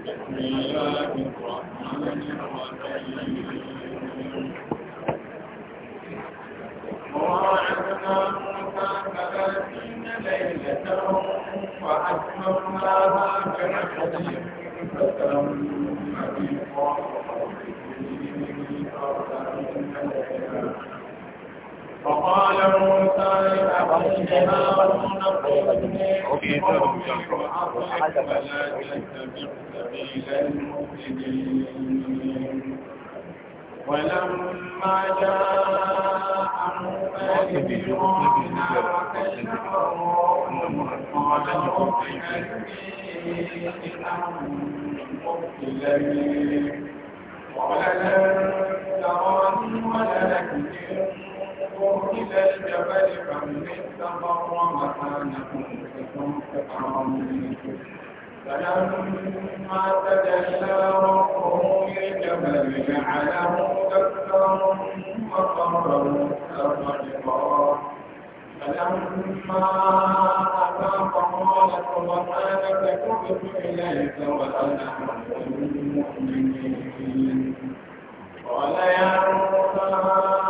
بسم الله الرحمن الرحيم وعدنا موسى ثلاثين ليلة وأتممناها بأحد فتم في قرآن أربعين ليلة وقال موسى لأخيه هارون خذني بقومي وأصلح ولا تتبع سبيل المفسدين ولما جاء موسى بفرعون وكلمه قال رب إني أنظر إليك قال لن تراني ولكن إلى الجبل فمن استقر مكانه فلما تجلى ربه للجبل جعله دكا وقر مستقرا فلما أفاق قال سبحانك تبت إليك وأنا أول المؤمنين قال يا موسى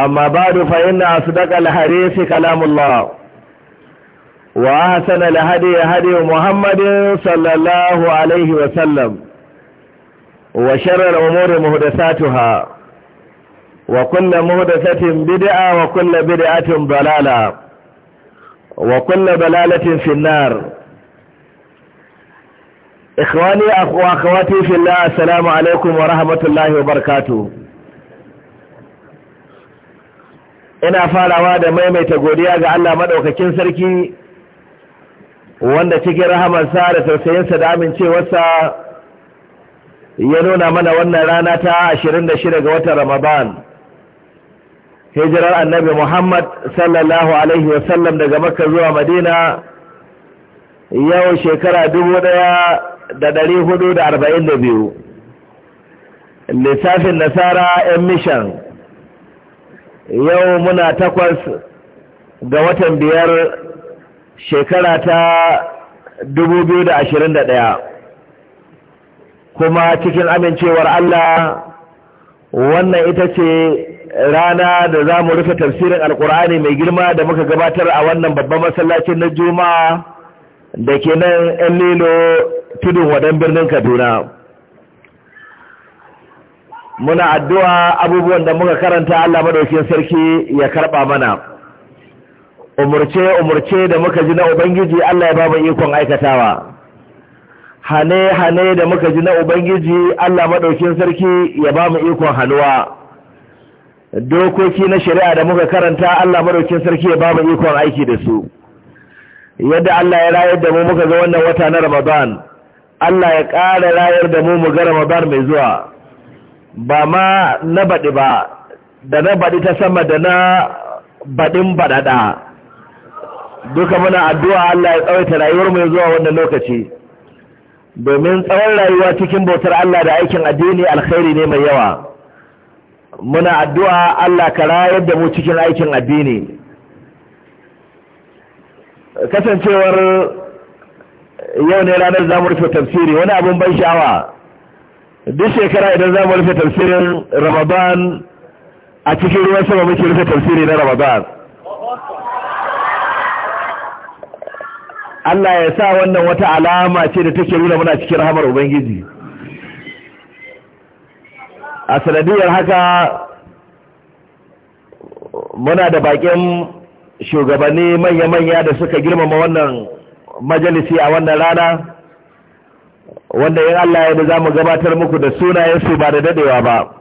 amma ba da fahimta su daga lahari su kalamullah wa hasana lahari ya hari muhammadin sallallahu alaihi wasallam wa sharar umarin muhudasatu ha wa kulle muhudasatin bid'a wa kulle bid'atin balala wa kulle balalatin finnar ikhwani akwati fillah assalamu alaikum wa rahmatullahi wa barakatuhu ina farawa da maimaita godiya ga Allah maɗaukakin sarki wanda cikin rahamarsa da tausayinsa da amincewarsa ya nuna mana wannan rana ta 26 ga watan Ramadan hijirar annabi Muhammad sallallahu alaihi wasallam daga makka zuwa madina yau shekara 1442 lissafin nasara 'yan mishan yau muna takwas ga watan biyar shekara ta ɗaya, kuma cikin amincewar Allah wannan ita ce rana da za mu rufe tafsirin alkur'ani mai girma da muka gabatar a wannan babban masallacin na juma'a da ke nan 'yan lilo tudun waɗan birnin kaduna muna addu'a abubuwan da muka karanta Allah madaukin sarki ya karba mana umurce umurce da muka ji na ubangiji Allah ya ba mu ikon aikatawa hane hane da muka ji na ubangiji Allah madaukin sarki ya ba mu ikon hannuwa. dokoki na shari'a da muka karanta Allah madaukin sarki ya ba mu ikon aiki da su yadda Allah ya rayar da mu muka ga wannan wata na Ramadan Allah ya ƙara rayar da mu mu ga Ramadan mai zuwa ba ma na baɗi ba da na baɗi ta sama da na baɗin baɗaɗa duka muna addu'a Allah ya tsawaita rayuwar mai zuwa wannan lokaci domin tsawon rayuwa cikin bautar Allah da aikin addini alkhairi ne mai yawa muna addu'a Allah ka rayar da mu cikin aikin addini kasancewar yau ne ranar zamu rufe tafsiri wani abin ban sha'awa duk shekara idan za mu rufe tafsirin ramadan a cikin ruwan sama muke rufe tafsiri na ramadan Allah ya sa wannan wata alama ce da take nuna muna cikin rahamar ubangiji a sanadiyar haka muna da bakin shugabanni manya-manya da suka girmama wannan majalisi a wannan rana wanda in Allah ya da za mu gabatar muku da su ba da dadewa ba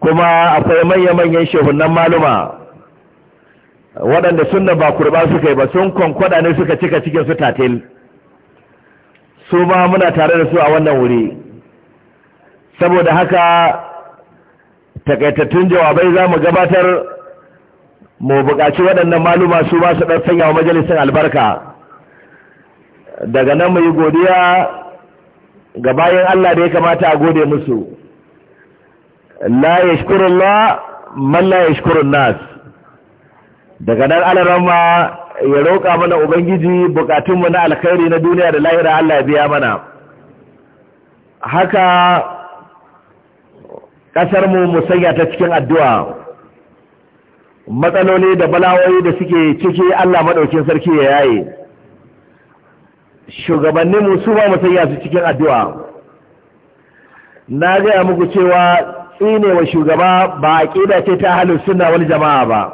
kuma akwai manya-manyan shehunan maluma waɗanda sunna ba kurba suka yi ba sun kwankwada ne suka cika cikin su tatil su ma muna tare da su a wannan wuri saboda haka takaitattun jawabai za mu gabatar mu buƙaci waɗannan maluma su ba su ɗan sanya wa majalisar albarka daga nan mai godiya ga bayan Allah da ya kamata a gode musu la yashkurullah man la yashkurun nas daga nan alarama ya roƙa mana ubangiji bukatunmu na alkhairi na duniya da lahira Allah ya biya mana haka ƙasarmu mu sanya ta cikin addu'a matsaloli da bala'o'i da suke ciki Allah maɗaukin sarki ya yaye shugabanninmu su ba mu sanya su cikin addu'a na gaya muku cewa tsine wa shugaba ba aƙida ce ta ahalus sunna wani jama'a ba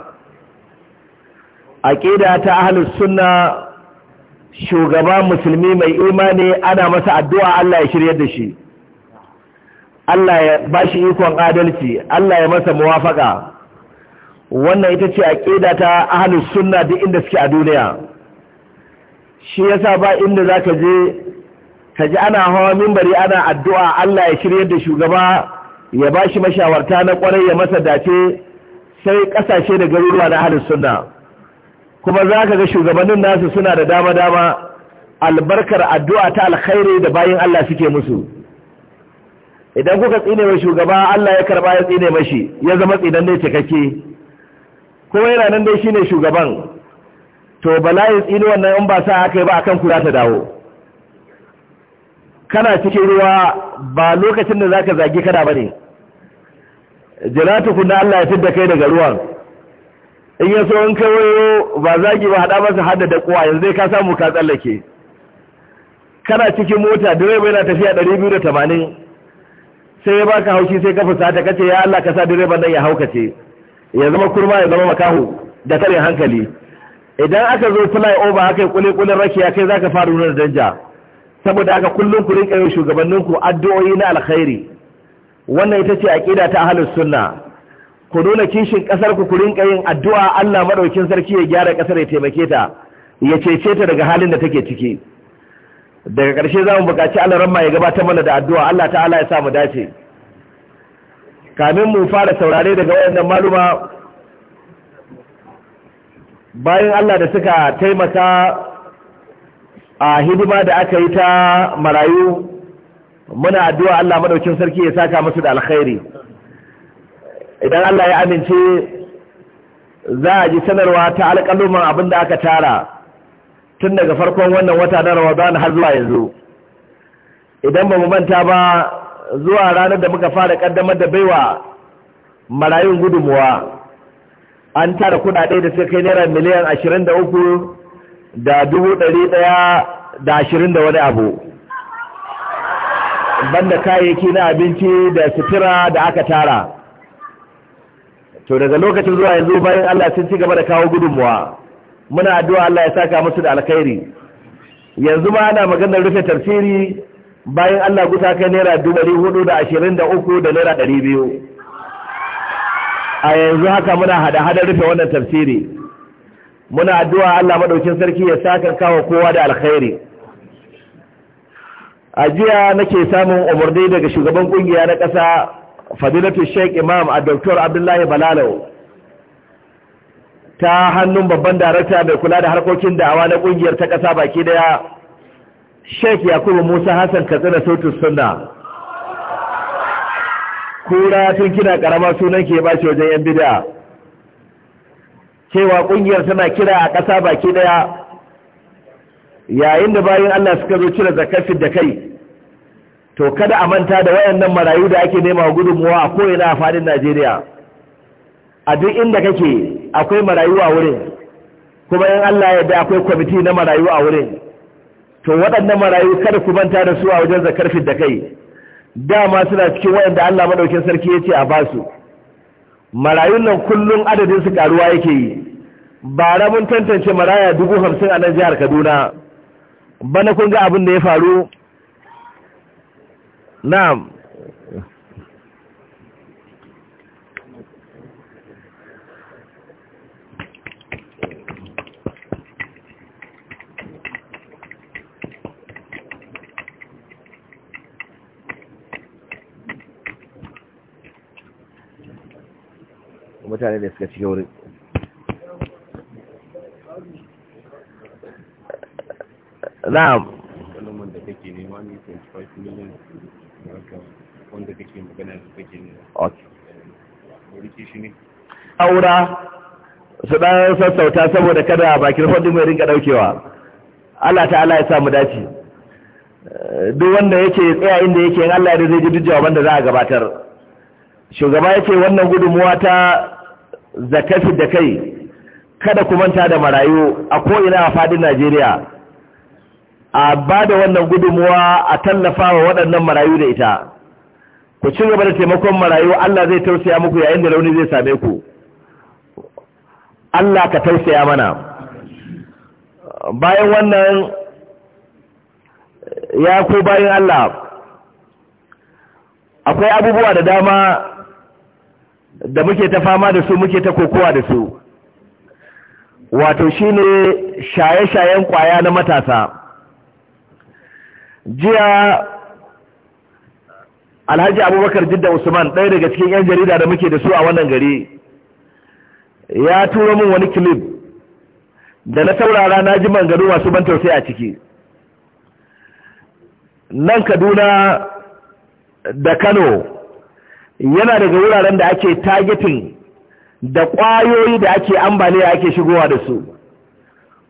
aƙida ta ahalus sunna shugaba musulmi mai imani ana masa addu'a Allah ya shirye da shi Allah ya ba shi ikon adalci Allah ya masa muwafaka wannan ita ce aƙida ta ahalus sunna duk inda suke a duniya shi yasa ba inda za ka je ka ji ana hawa mimbari ana addu'a Allah ya shirya da shugaba ya ba shi mashawarta na kwarai ya masa dace sai kasashe da garuruwa na halin sunna kuma za ka ga shugabannin nasu suna da dama-dama albarkar addu'a ta alkhairi da bayan Allah suke musu idan kuka tsine mai shugaba Allah ya karba ya tsine mashi ya zama tsinan ne cikakke kuma yana nan dai shine shugaban to bala ya tsini wannan in ba sa aka yi ba akan kura ta dawo kana cikin ruwa ba lokacin da zaka zagi kada bane jiratukun da Allah ya fidda kai daga ruwan in ya so in kawayo ba zagi ba hada masa hada da kuwa yanzu ka samu ka tsallake kana cikin mota direba yana tafiya 280 sai ya baka haushi sai ka fusata kace ya Allah ka sa direban nan ya haukace ya zama kurma ya zama makahu da tare hankali idan aka zo fly over aka yi kulikulin rakiya kai zaka fara nuna danja saboda aka kullum ku rinka yin ku addu'o'i na alkhairi wannan ita ce aqida ta ahlus sunna ku nuna kishin kasar ku ku rinka yin addu'a Allah madaukin sarki ya gyara kasar ya taimake ta ya cece ta daga halin da take ciki daga ƙarshe za mu buƙaci Allah ramma ya gabatar mana da addu'a Allah ta'ala ya sa mu dace kamin mu fara saurare daga wayannan maluma bayan Allah da suka taimaka a hidima da aka yi ta marayu muna addu'a Allah Maɗaukin sarki ya saka musu da alkhairi idan Allah ya amince za a ji sanarwa ta alƙaluman abin da aka tara tun daga farkon wannan wata na rawa Ramadan har zuwa yanzu idan ba mu manta ba zuwa ranar da muka fara ƙaddamar da baiwa marayun gudunmuwa an tara kudade da suka kai naira miliyan ashirin da uku da dubu da wani abu banda kayayyaki na abinci da sutura da aka tara to daga lokacin zuwa yanzu bayan Allah sun ci gaba da kawo gudunmuwa muna addu'a Allah ya saka musu da alkhairi yanzu ma ana maganar rufe tafsiri bayan Allah guta kai naira 423 da ashirin naira ɗari biyu a yanzu haka muna hada-hadar rufe wannan tafsiri muna addu'a Allah maɗaukin sarki ya saka kawo kowa da alkhairi a jiya nake samun umarni daga shugaban kungiya na ƙasa fadilatu sheik imam a Dr. abdullahi balalau ta hannun babban darakta mai kula da harkokin da'awa na ƙungiyar ta ƙasa baki daya sheik yakubu musa hassan katsina sautus sunna kura tun kina karama sunan ke bashi wajen yan bid'a cewa kungiyar tana kira a ƙasa baki daya yayin da bayan Allah suka zo cire zakafin da kai to kada a manta da wayannan marayu da ake nema gudunmuwa a ko'ina a fadin Najeriya a duk inda kake akwai marayu a wurin kuma in Allah ya yarda akwai kwamiti na marayu a wurin to waɗannan marayu kada ku manta da su a wajen zakar da kai dama suna cikin wayanda Allah madaukin sarki ya ce a basu marayun nan kullum adadin su karuwa yake yi bara mun tantance maraya dubu hamsin a nan jihar kaduna bana kun ga abin da ya faru na'am mutane da suka cike wurin na'am aura su ɗan sassauta saboda kada bakin fadin mai rinka ɗaukewa Allah ta'ala ya samu dace duk wanda yake tsaya inda yake yin Allah ya zai ji duk jawaban da za a gabatar shugaba yake wannan gudunmuwa ta zakafi da kai kada ku manta da marayu a ko'ina a fadin najeriya a ba da wannan gudunmuwa a tallafa wa waɗannan marayu da ita ku ci gaba da taimakon marayu allah zai tausaya muku yayin da rauni zai same ku allah ka tausaya mana bayan wannan ya ku bayan allah akwai abubuwa da dama da muke ta fama da su muke ta kokowa da su wato shi ne shaye-shayen kwaya na matasa jiya alhaji abubakar jidda usman ɗaya daga cikin 'yan jarida da muke da su a wannan gari ya turo min wani clip da na saurara na ji mangaru masu ban tausayi a ciki nan kaduna da kano yana daga wuraren da ake targeting da ƙwayoyi da ake ambaliya ake shigowa da su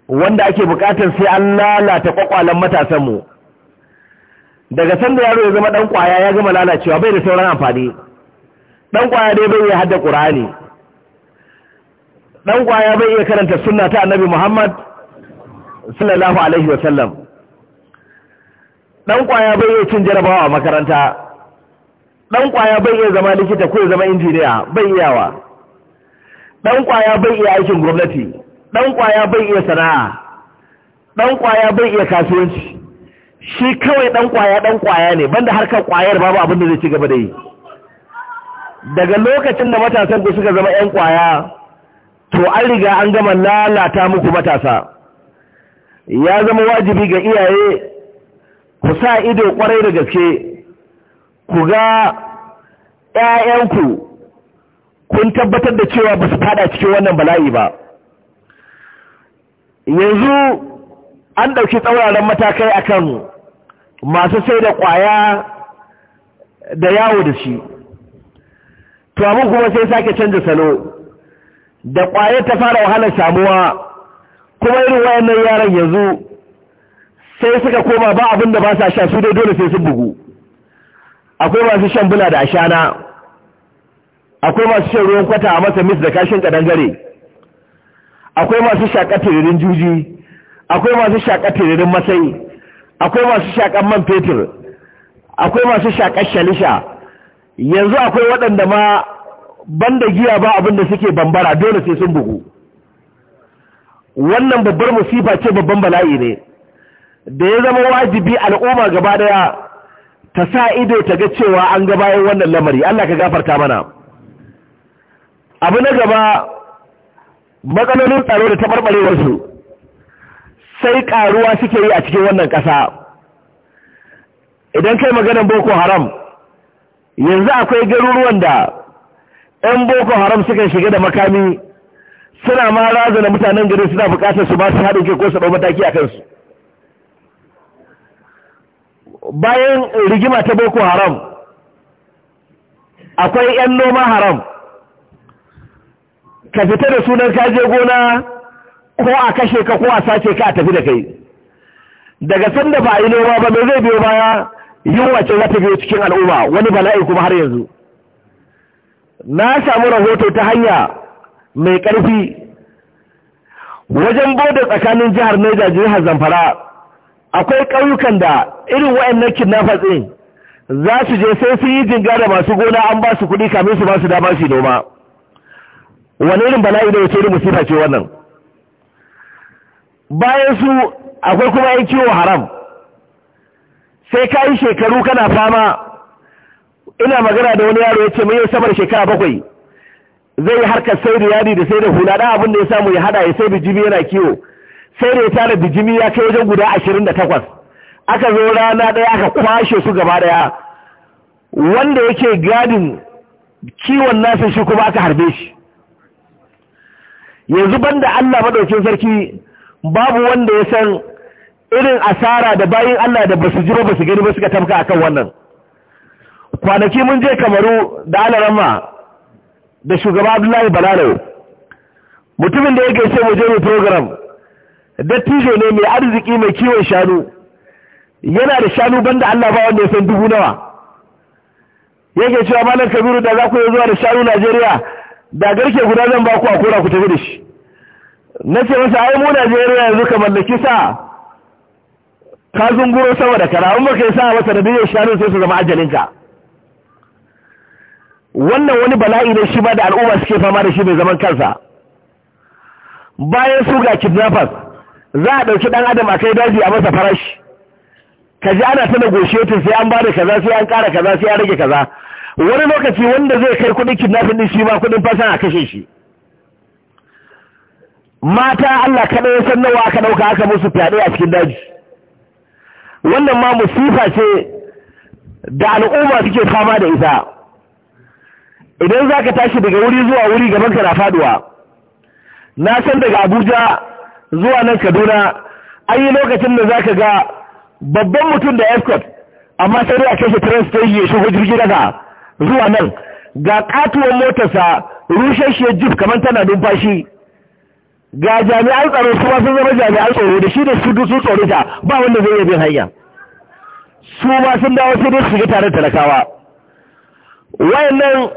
wanda ake bukatar sai an lalata kwakwalen matasanmu daga sanda yaro ya zama ɗan ƙwaya ya gama lalacewa bai da sauran amfani ɗan ƙwaya dai bai iya hadda ƙur'ani ɗan ƙwaya bai iya karanta suna ta annabi muhammad sallallahu alaihi wasallam ɗan ƙwaya bai iya cin jarabawa a makaranta Ɗan kwaya bai iya zama likita ko ya zama injiniya bai iyawa ɗan kwaya bai iya aikin gwamnati ɗan kwaya bai iya sana'a ɗan kwaya bai iya kasuwanci shi kawai ɗan kwaya ɗan kwaya ne banda harkar kwayar babu abin da zai ci gaba da yi daga lokacin da matasan ku suka zama ƴan kwaya to an riga an gama lalata muku matasa ya zama wajibi ga iyaye ku sa ido kwarai da gaske ku ga ‘ya'yanku kun tabbatar da cewa ba su fada cikin wannan bala'i ba yanzu an ɗauki tsauraran matakai akan masu sai da ƙwaya da yawo da shi to abin kuma sai sake canza salo da ƙwaya ta fara wahalar samuwa kuma irin wayannan yaran yanzu sai suka koma ba abin da ba sa sha su dai dole sai su bugu akwai masu shan bula da ashana akwai masu shan ruwan kwata a masa mis da kashin kadangare akwai masu shaƙa tiririn juji akwai masu shaƙa tiririn masai akwai masu shaƙan man fetur akwai masu shaƙar shalisha yanzu akwai waɗanda ma ban da giya ba abinda suke bambara dole sai sun bugu wannan babbar musifa ce babban bala'i ne da ya zama wajibi al'umma gaba daya ta sa ido ta ga cewa an ga bayan wannan lamari Allah ka gafarta mana abu na gaba matsalolin tsaro da taɓarɓarewarsu sai ƙaruwa suke yi a cikin wannan ƙasa idan kai maganin boko haram yanzu akwai garuruwan da 'yan boko haram suka shiga da makami suna ma razana mutanen gari suna bukatar su ba su haɗin ke ko su ɗau mataki a kansu bayan rigima ta boko haram akwai 'yan noma haram ka fita da sunan kaje gona ko a kashe ka ko a sace ka a tafi da kai daga sanda ba a yi noma ba mai zai biyo baya yin ce za cikin al'umma wani bala'i kuma har yanzu na samu rahoto ta hanya mai ƙarfi wajen bada tsakanin jihar Neja jihar Zamfara akwai ƙauyukan da irin wa'annan kidnappers ɗin za su je sai sun yi jinga da masu gona an ba su kuɗi kamin su ba su dama su noma wani irin bala'i da wace irin musifa ce wannan bayan su akwai kuma yan kiwo haram sai ka yi shekaru kana fama ina magana da wani yaro ya ce mai samar shekara bakwai zai yi harkar sai da yadi da sai da hula da abin da ya samu ya hada ya sai da jibi yana kiwo sai da ya tara bijimi ya kai wajen guda ashirin da takwas aka zo rana ɗaya aka kwashe su gaba ɗaya wanda yake gadin kiwon nasa shi kuma aka harbe shi yanzu banda Allah madaukin sarki babu wanda ya san irin asara da bayin Allah da basu ji ba basu gani ba suka tamka akan wannan kwanaki mun je kamaru da alarama da shugaba Abdullahi Balalo mutumin da ya gaishe mu je mu program dattijo ne mai arziki mai kiwon shanu yana da shanu banda Allah ba wanda ya san dubu nawa yake cewa malam kabiru da za ku yi zuwa da shanu Najeriya da garke guda zan ba ku a kora ku tafi da shi na ce masa ai mu Najeriya yanzu ka mallaki sa ka zunguro sama da kara in baka yi sa masa da biyan shanu sai su zama ajalinka wannan wani bala'i ne shi ba da al'umma suke fama da shi mai zaman kansa bayan su ga kidnappers za a ɗauki ɗan adam a kai daji a masa farashi ka ji ana ta negotiating sai an bada kaza sai an ƙara kaza sai an rage kaza wani lokaci wanda zai kai kuɗin kidnapping din shi ma kuɗin fasan a kashe shi mata Allah kada ya san nawa aka ɗauka aka musu fyaɗe a cikin daji wannan ma musifa ce da al'umma suke fama da ita idan za ka tashi daga wuri zuwa wuri gaban ka na faduwa na san daga abuja zuwa nan kaduna an yi lokacin da za ka ga babban mutum da escort amma sai dai a kashe train yi ya shigo jirgin daga zuwa nan ga katuwar motarsa rushe jif kamar tana numfashi ga jami'an tsaro su ma sun zama jami'an tsoro da shi da su dusu tsoro ta ba wanda zai yi bin hanya su ma sun dawo sai dai su ga tare talakawa wayannan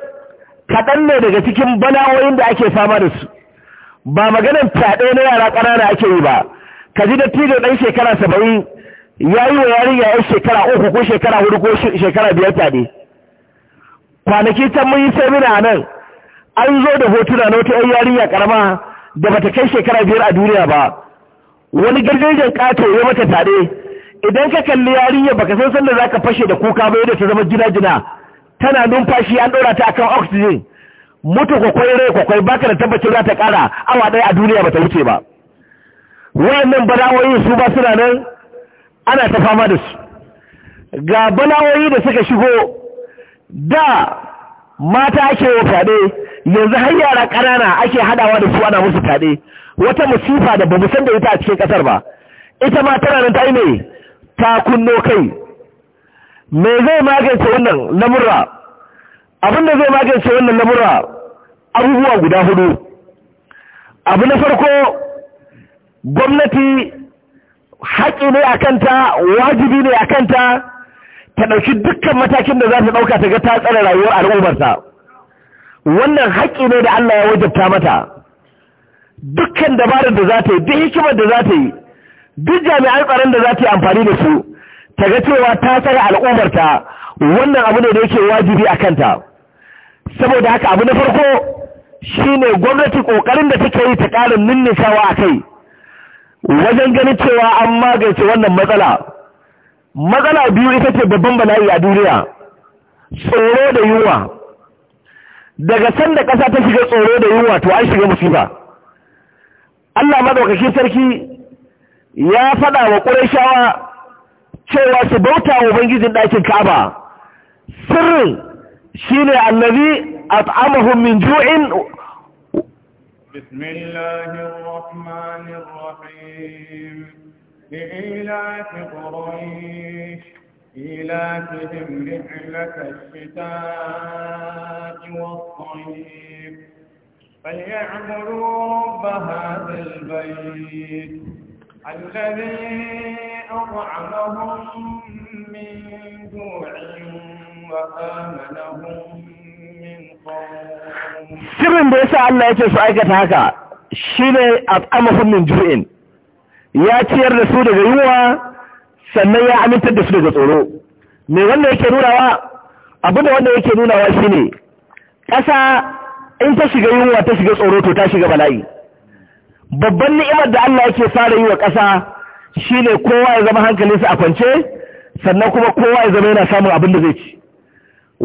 kaɗan ne daga cikin banawoyin da ake fama da su ba maganin fyaɗe na yara ƙanana ake yi ba ka ji da tijo ɗan shekara saba'in ya yi wa yarinya yan shekara uku ko shekara hudu ko shekara biyar fyaɗe kwanaki can mun yi semina a nan an zo da hotuna na wata yan yarinya ƙarama da bata kai shekara biyar a duniya ba wani gargajen ƙato ya mata fyaɗe idan ka kalli yarinya baka san sanda za ka fashe da kuka ba yadda ta zama gina-gina tana numfashi an ɗora ta akan oxygen mutu kwakwai rai kwakwai ba ka da tabbacin za ta kara awa ɗaya a duniya ba ta wuce ba wayannan balawoyi su ba suna nan ana ta fama da su ga balawoyi da suka shigo da mata ake wa fyaɗe yanzu har yara ƙanana ake haɗawa da su ana musu fyaɗe wata musifa da ba san da ita a cikin ƙasar ba ita ma tana nan ta yi ne ta kunno kai me zai magance wannan lamurra abinda zai magance wannan lamurra abubuwa guda hudu abu na farko gwamnati haƙi ne a kanta wajibi ne a kanta ta ɗauki dukkan matakin da za ta ɗauka ta ga ta tsara rayuwar al'ummarta wannan haƙi ne da Allah ya wajabta mata dukkan dabarar da za ta yi duk hikimar da za ta yi duk jami'an tsaron da za ta yi amfani da su ta ga cewa ta tsara al'ummarta wannan abu ne da yake wajibi a kanta saboda haka abu na farko Shi ne gwamnati ƙoƙarin da take yi ta ƙarin ninnisawa a kai wajen ganin cewa an magance wannan matsala matsala biyu ita ce babban bala'i a duniya tsoro da yunwa daga sanda ƙasa ta shiga tsoro da yunwa to an shiga musifa Allah madaukakin sarki ya faɗa wa cewa su bauta wa ubangijin ɗakin Ka'aba sirrin shi ne annabi a at'amahum min ju'in بسم الله الرحمن الرحيم لإيلاف قريش إيلافهم رحلة الشتاء والصيف فليعبدوا رب هذا البيت الذي أطعمهم من جوع وآمنهم sirrin da sa Allah yake su aikata haka shi ne a at'amahum min ju'in ya ciyar da su daga yunwa sannan ya amintar da su daga tsoro me wanda yake nunawa da wanda yake nunawa ne. ƙasa in ta shiga yunwa ta shiga tsoro to ta shiga bala'i babban ni'imar da Allah yake fara yi wa ƙasa shi shine kowa ya zama hankalinsa a kwance sannan kuma kowa ya zama yana samun abin da zai ci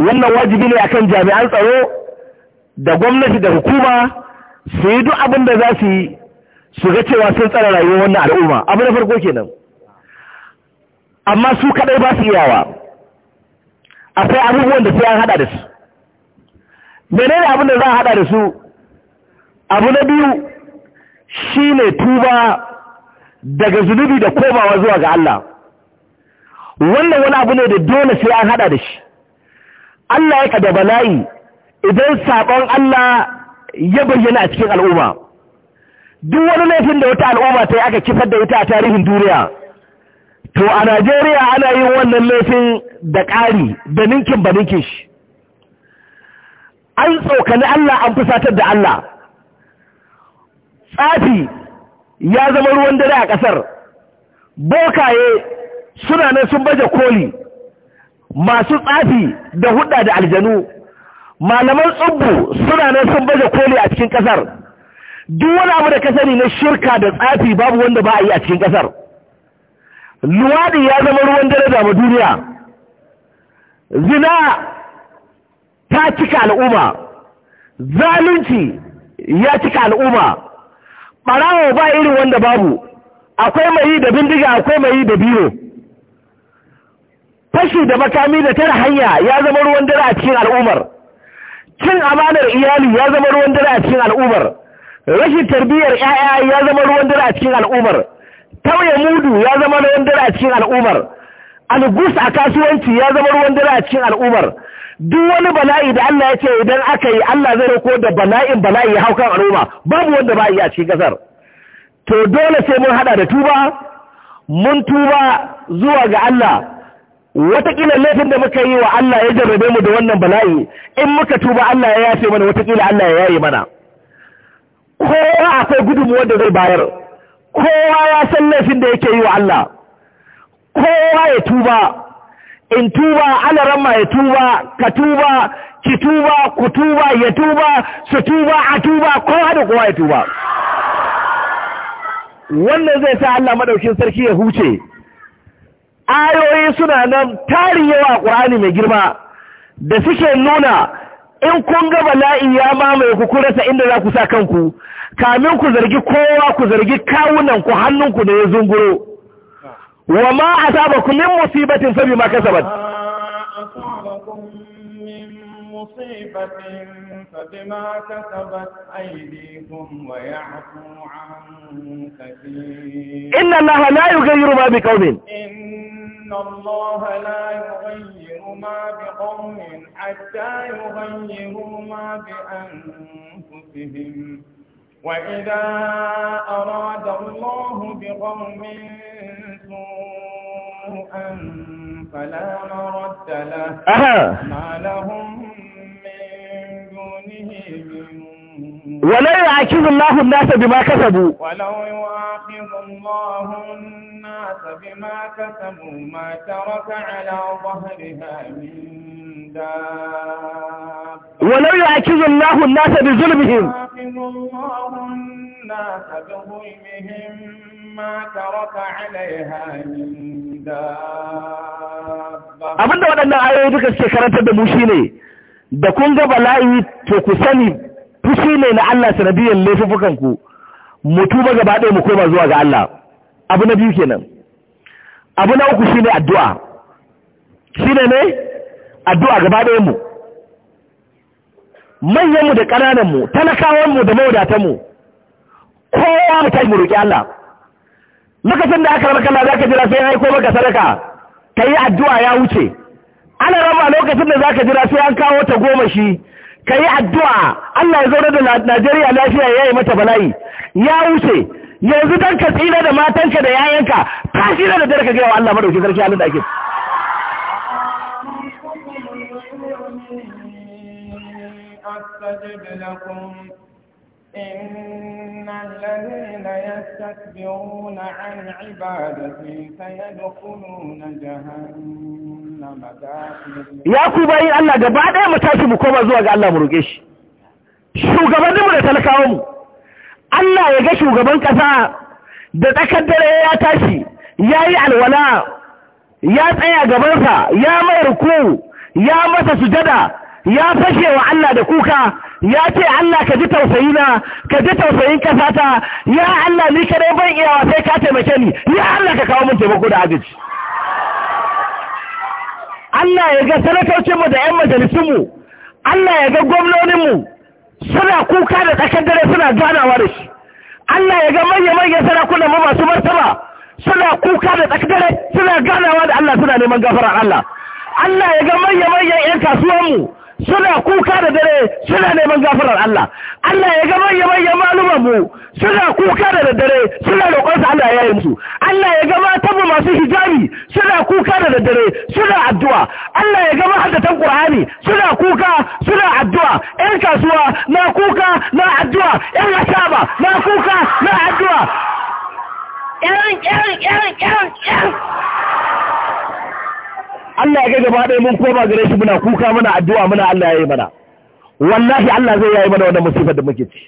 wannan wajibi ne akan jami'an tsaro da gwamnati da hukuma su yi duk abin da za su yi su ga cewa sun tsara rayuwar wannan al'umma abu na farko kenan amma su kadai ba su iyawa akwai abubuwan da sai an hada da su menene abin da za a hada da su abu na biyu shine tuba daga zunubi da komawa zuwa ga Allah wannan wani abu ne da dole sai an hada da shi Allah yaka da bala'i idan saƙon Allah ya bayyana a cikin al'umma duk wani laifin da wata al'umma ta yi aka kifar da ita a tarihin duniya to a Najeriya ana yin wannan laifin da ƙari da ninkin ba ninkin shi an tsokani Allah an fusatar da Allah tsafi ya zama ruwan dare a ƙasar bokaye suna nan sun baje koli masu tsafi da hudda da aljanu malaman tsubbu suna nan sun baje koli a cikin kasar duk wani abu da ka sani na shirka da tsafi babu wanda ba a yi a cikin kasar luwadi ya zama ruwan dare da duniya zina ta cika al'umma zalunci ya cika al'umma ɓarawo ba irin wanda babu akwai mai yi da bindiga akwai mai yi da biyo fashi da makami da tara hanya ya zama ruwan dare a cikin al'ummar cin amanar iyali ya zama ruwan dare a cikin al'ummar rashin tarbiyyar 'ya'ya ya zama ruwan dare a cikin al'ummar tauye mudu ya zama ruwan dare a cikin al'ummar algus a kasuwanci ya zama ruwan dare a cikin al'ummar duk wani bala'i da Allah ya ce idan aka yi Allah zai rako da bala'in bala'i ya hau kan al'umma babu wanda ba iya cikin kasar to dole sai mun hada da tuba mun tuba zuwa ga Allah watakila laifin da muka yi wa Allah ya jarrabe mu da wannan bala'i in muka tuba Allah ya yafe mana watakila Allah ya yaye mana kowa akwai gudunmuwar da zai bayar kowa ya san laifin da yake yi wa Allah kowa ya tuba in tuba alarama ya tuba ka tuba ki tuba ku tuba ya tuba su tuba a tuba kowa da kowa ya tuba wannan zai sa Allah madaukin sarki ya huce ayoyi suna nan tari yawa a ƙur'ani mai girma da suke nuna in kun gaba bala'i ya mamaye ku kun inda za ku sa kanku kamin ku zargi kowa ku zargi kawunan ku hannunku da ya zunguro wa ma ku min musibatin sabi ma kasabat Inna Allah la أيديكم ويعفو عن كثير إن الله لا يغير ما بقوم حتى يغيروا ما بأنفسهم وإذا أراد الله بقوم سوءا فلا مرد له ما لهم ولو يعاكز الله الناس بما كسبوا ولو يعاكز الله الناس بما كسبوا ما ترك على ظهرها من دابة ولو يعاكز الله الناس بظلمهم الله الناس بظلمهم ما ترك عليها من دابة abinda waɗannan ayoyi duka suke karantar da mu shine da kun ga bala'i to ku sani fushi ne na Allah sanadiyar laifukan ku mu tuba gaba ɗaya mu koma zuwa ga Allah abu na biyu kenan abu na uku shine addu'a shine ne addu'a gaba ɗaya mu manyan mu da ƙananan mu talakawan mu da mawadata mu kowa mu tashi mu roƙi Allah lokacin da aka rama kallon ka jira sai yi koma maka sadaka ka yi addu'a ya wuce ana rama lokacin da za ka jira sai an kawo ta goma shi ka yi addu'a Allah ya zaune da Najeriya lafiya ya yi mata bala'i ya wuce yanzu don ka tsira da matanka da yayanka ta shi da dare ka gaya wa Allah madauki sarki halin da ake إن الذين يستكبرون عن عبادتي سيدخلون جهنم يا كوباي الله gaba ɗaya mu tashi mu koma zuwa ga Allah mu roke shi shugabanninmu da talakawa mu Allah ya ga shugaban ƙasa da tsakar dare ya tashi yayi alwala ya tsaya gabansa ya mai ruku ya masa sujada ya fashe wa Allah da kuka ya ce Allah ka ji tausayi na ka ji tausayin kasata ya Allah ni kare ban iyawa sai ka taimake ni ya Allah ka kawo mun taimako da agaji Allah ya ga mu da 'yan majalisunmu Allah ya ga mu suna kuka da tsakar dare suna ganawa da shi Allah ya ga manya-manyan mu masu martaba suna kuka da tsakar dare suna ganawa da Allah suna neman gafarar Allah Allah ya ga manya-manyan kasuwan kasuwanmu suna kuka da dare suna neman gafarar Allah Allah ya ga manya manyan maluman mu suna kuka da daddare suna roƙon sa Allah ya yi musu Allah ya ga matan mu masu hijabi suna kuka da daddare suna addu'a Allah ya ga mahaddatan Qur'ani suna kuka suna addu'a ƴan kasuwa na kuka na addu'a ƴan asaba na kuka na addu'a ƴan ƴan ƴan ƴan ƴan Allah ya ga gaba ɗaya mun koma gare shi muna kuka muna addu'a muna Allah ya yi mana wallahi Allah zai yayi mana wannan musibar da muke ci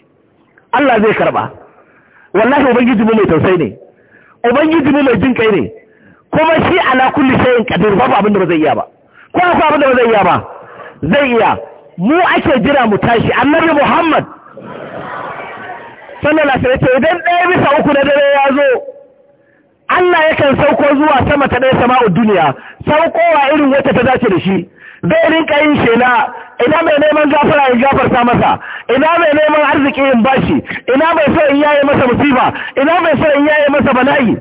Allah zai karba wallahi ubangiji mu mai tausayi ne ubangiji mu mai jin kai ne kuma shi ala kulli shay'in qadir babu abin da ba zai iya ba ko akwai abin da ba zai iya ba zai iya mu ake jira mu tashi annabi Muhammad sallallahu alaihi wasallam idan ɗaya bisa uku na dare ya zo Allah yakan sauko zuwa sama ta ɗaya sama'u duniya sauko wa irin wata ta dace da shi zai rinka yin shela ina mai neman gafara in gafarta masa ina mai neman arziki in bashi ina mai so in yaye masa musiba ina mai so in yaye masa bala'i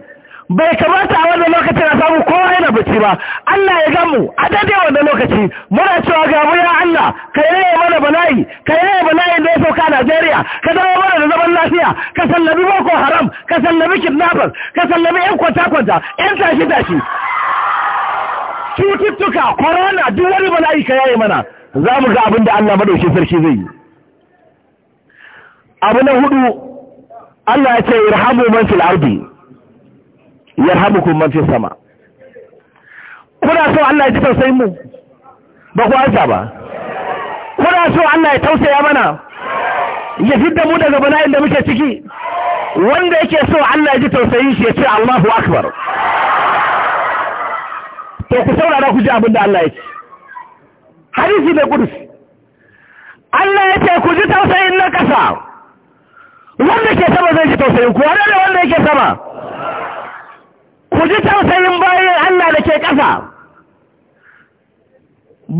bai kamata a wannan lokacin a samu kowa yana bacci ba Allah ya gamu a daidai wannan lokaci muna cewa ga mu ya Allah ka yi mana bala'i ka yi bala'i da ya sauka a Najeriya ka zama mana da zaman lafiya ka sallabi boko haram ka sallabi kidnapper ka sallabi yan kwanta kwanta yan tashi tashi cututtuka corona duk wani bala'i ka yaye mana za mu ga abin da Allah madauki sarki zai yi abu na hudu Allah ya ce irhamu man fil ardi yarhamukum man fi sama kuna so Allah ya ji tausayin mu ba ku ansa ba kuna so Allah ya tausaya mana ya fidda mu daga bala'in da muke ciki wanda yake so Allah ya ji tausayin shi ya ce Allahu akbar to ku saurara ku ji abin da Allah ya ce hadisi da kudus Allah ya ce ku ji tausayin na kasa wanda ke sama zai ji tausayin ku wanda ne wanda yake sama ku ji tausayin bayan Allah da ke ƙasa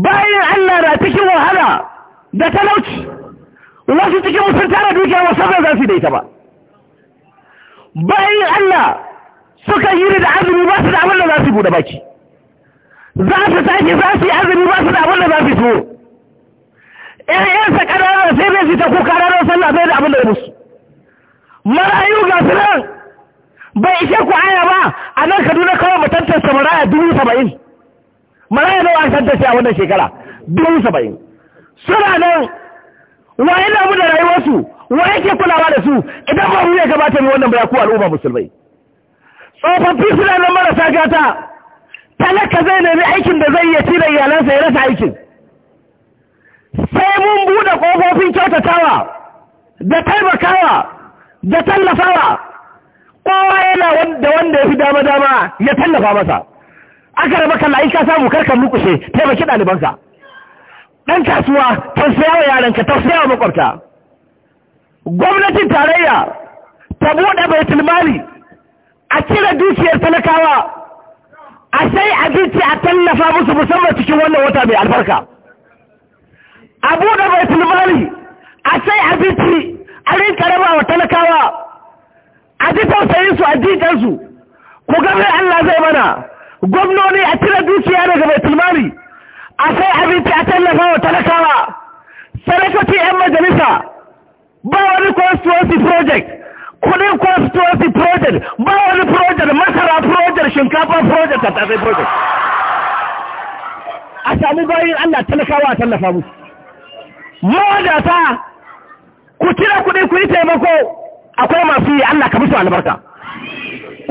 bayan Allah na cikin wahala da talauci wasu cikin sun tara dukiya wasu ba zafi da ita ba bayan Allah suka yi da azumi ba su da abin da za su buɗe baki za su tashi za su yi azumi ba su da abin da za su tuwo ƴaƴansa ƙararra sai zai fita ko ƙararra sallah bai da abin da ya musu marayu ga su nan bai ishe ku aya ba a nan kaduna kawai mu maraya dubu saba'in maraya nawa an tantance a wannan shekara dubu saba'in suna nan wa na mu da rayuwarsu wa yake kulawa da su idan ba mu ya gabata ne wannan bayaku al'umma musulmai tsofaffi suna nan marasa gata talaka zai nemi aikin da zai iya cire iyalansa ya rasa aikin sai mun buɗe ƙofofin kyautatawa da taimakawa da tallafawa kowa yana da wanda ya fi dama dama ya tallafa masa aka raba kalla in ka samu karkar lukushe taimaki ɗalibanka ɗan kasuwa tausaya wa yaranka tausaya wa makwabta gwamnatin tarayya ta buɗe bai mali a cire dukiyar talakawa a sai abinci a tallafa musu musamman cikin wannan wata mai albarka a buɗe mai tilmali a sai abinci a rinka raba wa talakawa a ji su a jikansu ku ga Allah zai mana gwamnoni a cire dukiya daga baitulmali a sai abinci a tallafa wa talakawa sarakoki 'yan majalisa ba wani constituency project kudin constituency project ba wani project masara project shinkafa project a tafai project a sami bayan Allah talakawa a tallafa musu mawadata ku cire kudin ku yi taimako akwai masu yi Allah ka musu albarka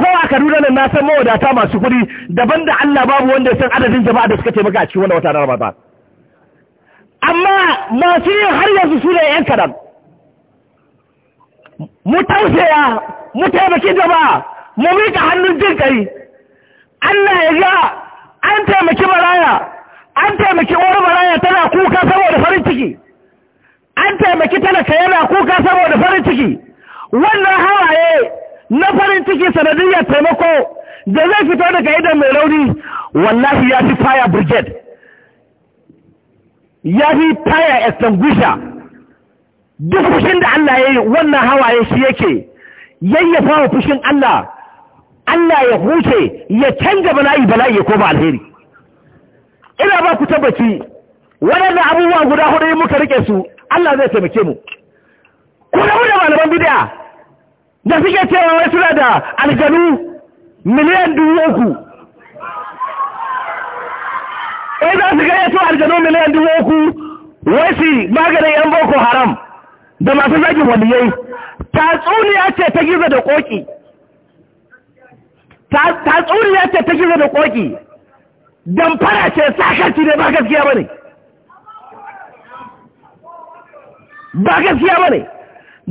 ko a Kaduna nan na san mawadata masu kuɗi daban da Allah babu wanda ya san adadin jama'a da suka taimaka a cikin wani wata na Ramadan amma masu yin har yanzu su ne yan kadan mu tausaya mu taimaki jama'a mu miƙa hannun jin kai Allah ya ga an taimaki baraya an taimaki wani baraya tana kuka saboda farin ciki an taimaki talaka yana kuka saboda farin ciki wannan hawaye na farin ciki sanadiyyar taimako da zai fito daga idan mai rauni wallahi ya fi fire brigade ya fi fire extinguisher duk fushin da Allah ya yi wannan hawaye shi yake yayyafa wa fushin Allah Allah ya huce ya canja bala'i bala'i ya koma alheri ina ba ku tabbaci waɗanda abubuwa guda hudu muka rike su Allah zai taimake mu ku da malaman bid'a da suke cewa wai suna da aljanu miliyan dubu uku wai za su gaya su aljanu miliyan dubu uku wai su maganin yan boko haram da masu zagin waliyai tatsuniya ce ta gizo da koki tatsuniya ce ta gizo da koki fara ce sakarci ne ba gaskiya ba ne ba gaskiya ba ne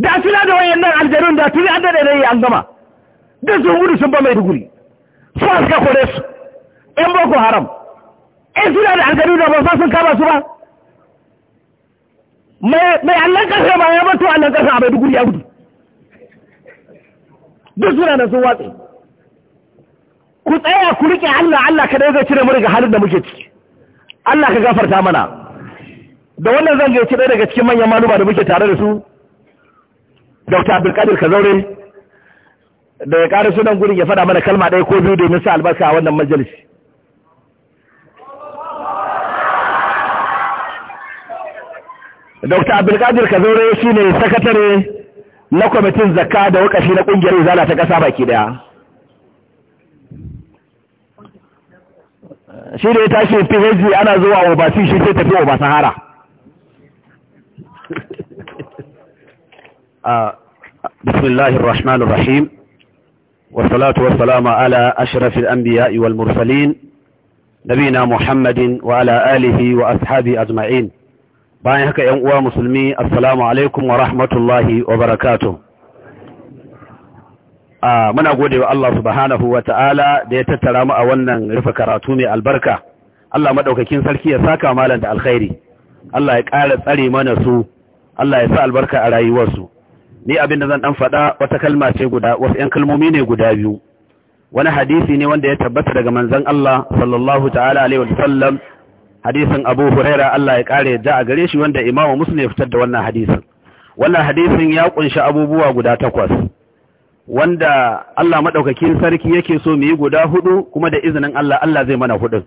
da tuna da wayannan aljanun da tuni an dade ne an gama duk sun gudu sun ba mai duguri su suka kore su ɗan boko haram ɗan eh, suna da aljarun da ba sun kama su ba mai allon ƙasa ba ya batu allon ƙasa a mai duguri ya gudu duk suna da sun watsi ku tsaya ku riƙe allah allah ka dai zai cire mu daga halin da muke ciki allah ka gafarta mana da wannan zan gaici ɗaya daga cikin manyan maluba da muke tare da su Dr. Abdulkadir Kazaure da ya ƙara sunan gudun ya faɗa mana kalma ɗaya ko biyu domin sa albarka a wannan majalisi. Dr. Abdulkadir Kazaure shi ne sakatare na kwamitin zakka da wakashi na ƙungiyar izala ta ƙasa baki ɗaya. Shi ne ya tashi PhD ana zuwa Obasi shi sai tafi ba Sahara. بسم الله الرحمن الرحيم والصلاة والسلام على أشرف الأنبياء والمرسلين نبينا محمد وعلى آله وأصحابه أجمعين bayan haka ‘yan uwa musulmi assalamu alaikum wa rahmatullahi wa barakatu muna gode wa Allah subhanahu wa ta'ala da ya tattara mu a wannan rufe karatu mai albarka Allah maɗaukakin sarki ya saka malam da alkhairi Allah ya ƙara tsare mana su Allah ya sa albarka a rayuwarsu ni abin da zan dan faɗa wata kalma ce guda wasu ‘yan kalmomi ne guda biyu wani hadisi ne wanda ya tabbata daga manzon Allah sallallahu ta'ala alaihi wasallam hadisin Abu Huraira Allah ya kare da a gare shi wanda Imam Muslim ya fitar da wannan hadisin wannan hadisin ya kunshi abubuwa guda takwas wanda Allah madaukakin sarki yake so mu yi guda hudu kuma da izinin Allah Allah zai mana hudun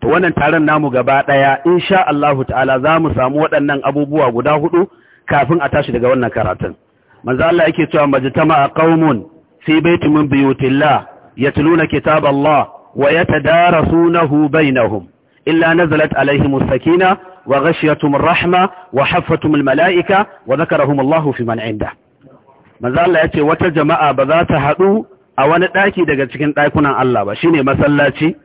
to wannan taron namu gaba daya insha Allah ta'ala za mu samu waɗannan abubuwa guda hudu kafin a tashi daga wannan karatun manzo Allah yake cewa majtama'a qaumun fi baitin min buyutillah yatluna kitaballah wa yatadarasunahu bainahum illa nazalat alaihim as-sakina wa ghashiyatuhum ar-rahma wa haffathum al-mala'ika wa dhakarahum Allahu fi man 'inda manzo Allah yace wata jama'a ba za ta hadu a wani daki daga cikin dakunan Allah ba shine masallaci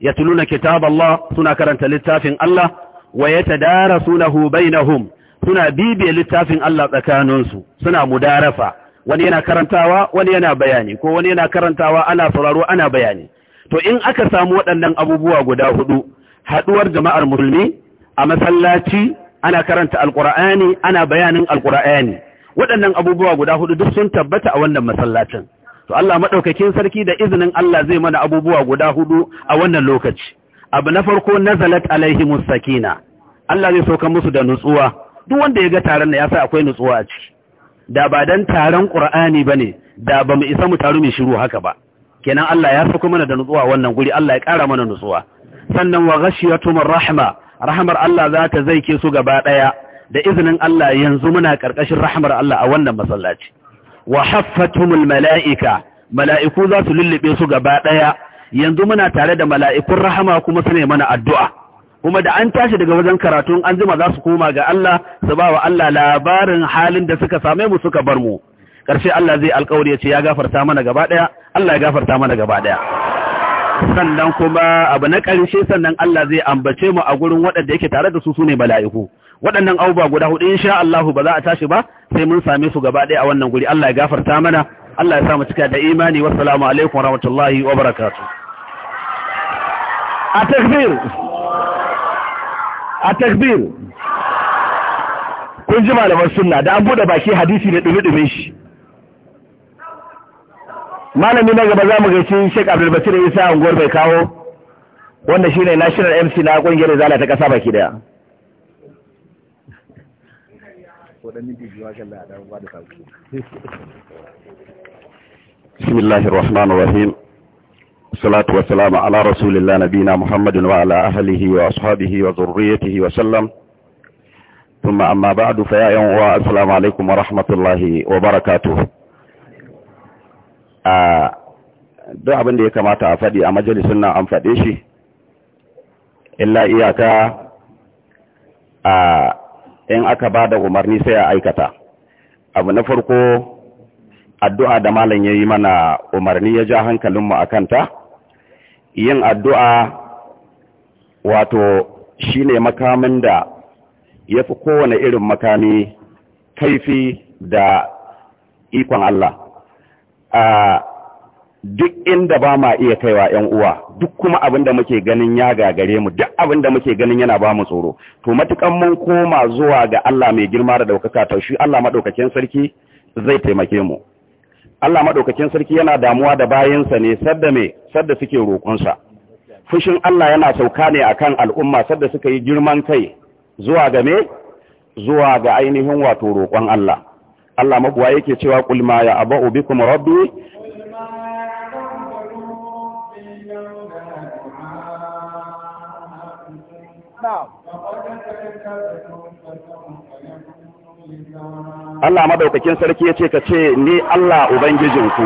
yatluna kitaballah suna karanta littafin Allah wa yatadarasunahu bainahum suna bibiye littafin Allah tsakaninsu suna mudarafa wani yana karantawa wani yana bayani ko wani yana karantawa ana sauraro ana bayani to in aka samu waɗannan abubuwa guda hudu haɗuwar jama'ar musulmi a masallaci ana karanta alƙur'ani ana bayanin alƙur'ani waɗannan abubuwa guda hudu duk sun tabbata a wannan masallacin to Allah madaukakin sarki da izinin Allah zai mana abubuwa guda hudu a wannan lokaci abu na farko nazalat alaihimus sakina Allah zai sauka musu da nutsuwa duk wanda ya ga taron na ya sa akwai nutsuwa a ciki da ba dan taron qur'ani bane da ba mu isa mu taru mai shiru haka ba kenan Allah ya sako mana da nutsuwa wannan guri Allah ya ƙara mana nutsuwa sannan wa ghashiyatumur rahma rahmar Allah za ta zaike su gaba daya da izinin Allah yanzu muna karkashin rahmar Allah a wannan masallaci wa haffatumul mala'ika mala'iku za su lullube su gaba daya yanzu muna tare da mala'ikun rahama kuma su ne mana addu'a kuma da an tashi daga wajen karatu an jima za su koma ga Allah su ba wa Allah labarin halin da suka same mu suka bar mu ƙarshe Allah zai alƙawari ya ce ya gafarta mana gaba ɗaya Allah ya gafarta mana gaba ɗaya sannan kuma abu na ƙarshe sannan Allah zai ambace mu a gurin waɗanda yake tare da su sune mala'iku waɗannan abubuwa guda hudu insha Allah ba za a tashi ba sai mun same su gaba ɗaya a wannan guri Allah ya gafarta mana Allah ya sa mu cika da imani wassalamu alaikum warahmatullahi wabarakatuh a takbir a takbir kun ji malaman sunna da an bude baki hadisi da dubi dumin shi malami na gaba za mu gaci shek abdulbasir isa unguwar bai kawo wanda shi ne national mc na kungiyar zala ta kasa baki daya بسم الله الرحمن الرحيم salatu wa salamu ala rasulillah nabina muhammadin wa ala ahlihi wa ashabihi wa zurriyatihi wa sallam amma ثم أما بعد فيا يوم السلام عليكم ورحمة الله وبركاته duk abin da ya kamata a fadi a majalisun nan an fade shi illa iyaka a in aka ba da umarni sai a aikata abu na farko addu'a da malam ya yi mana umarni ya ja hankalinmu a kanta yin addu'a wato shi ne makamin da ya fi kowane irin makami kaifi da ikon Allah a duk inda ba ma iya kaiwa ‘yan uwa duk kuma abin da muke ganin ya gagare mu duk abin da muke ganin yana ba mu tsoro to matukan mun koma zuwa ga Allah mai girma da ɗaukaka taushi shi Allah maɗaukakin sarki zai taimake mu Allah maɗaukakin sarki yana damuwa da bayansa ne sadda me sadda suke roƙonsa fushin Allah yana sauka ne a kan al'umma sadda suka yi girman kai zuwa ga me zuwa ga ainihin wato roƙon Allah Allah mabuwa yake cewa ƙulma ya abu bikum rabbi Allah madaukakin sarki ya ce ka ce ni Allah Ubangijinku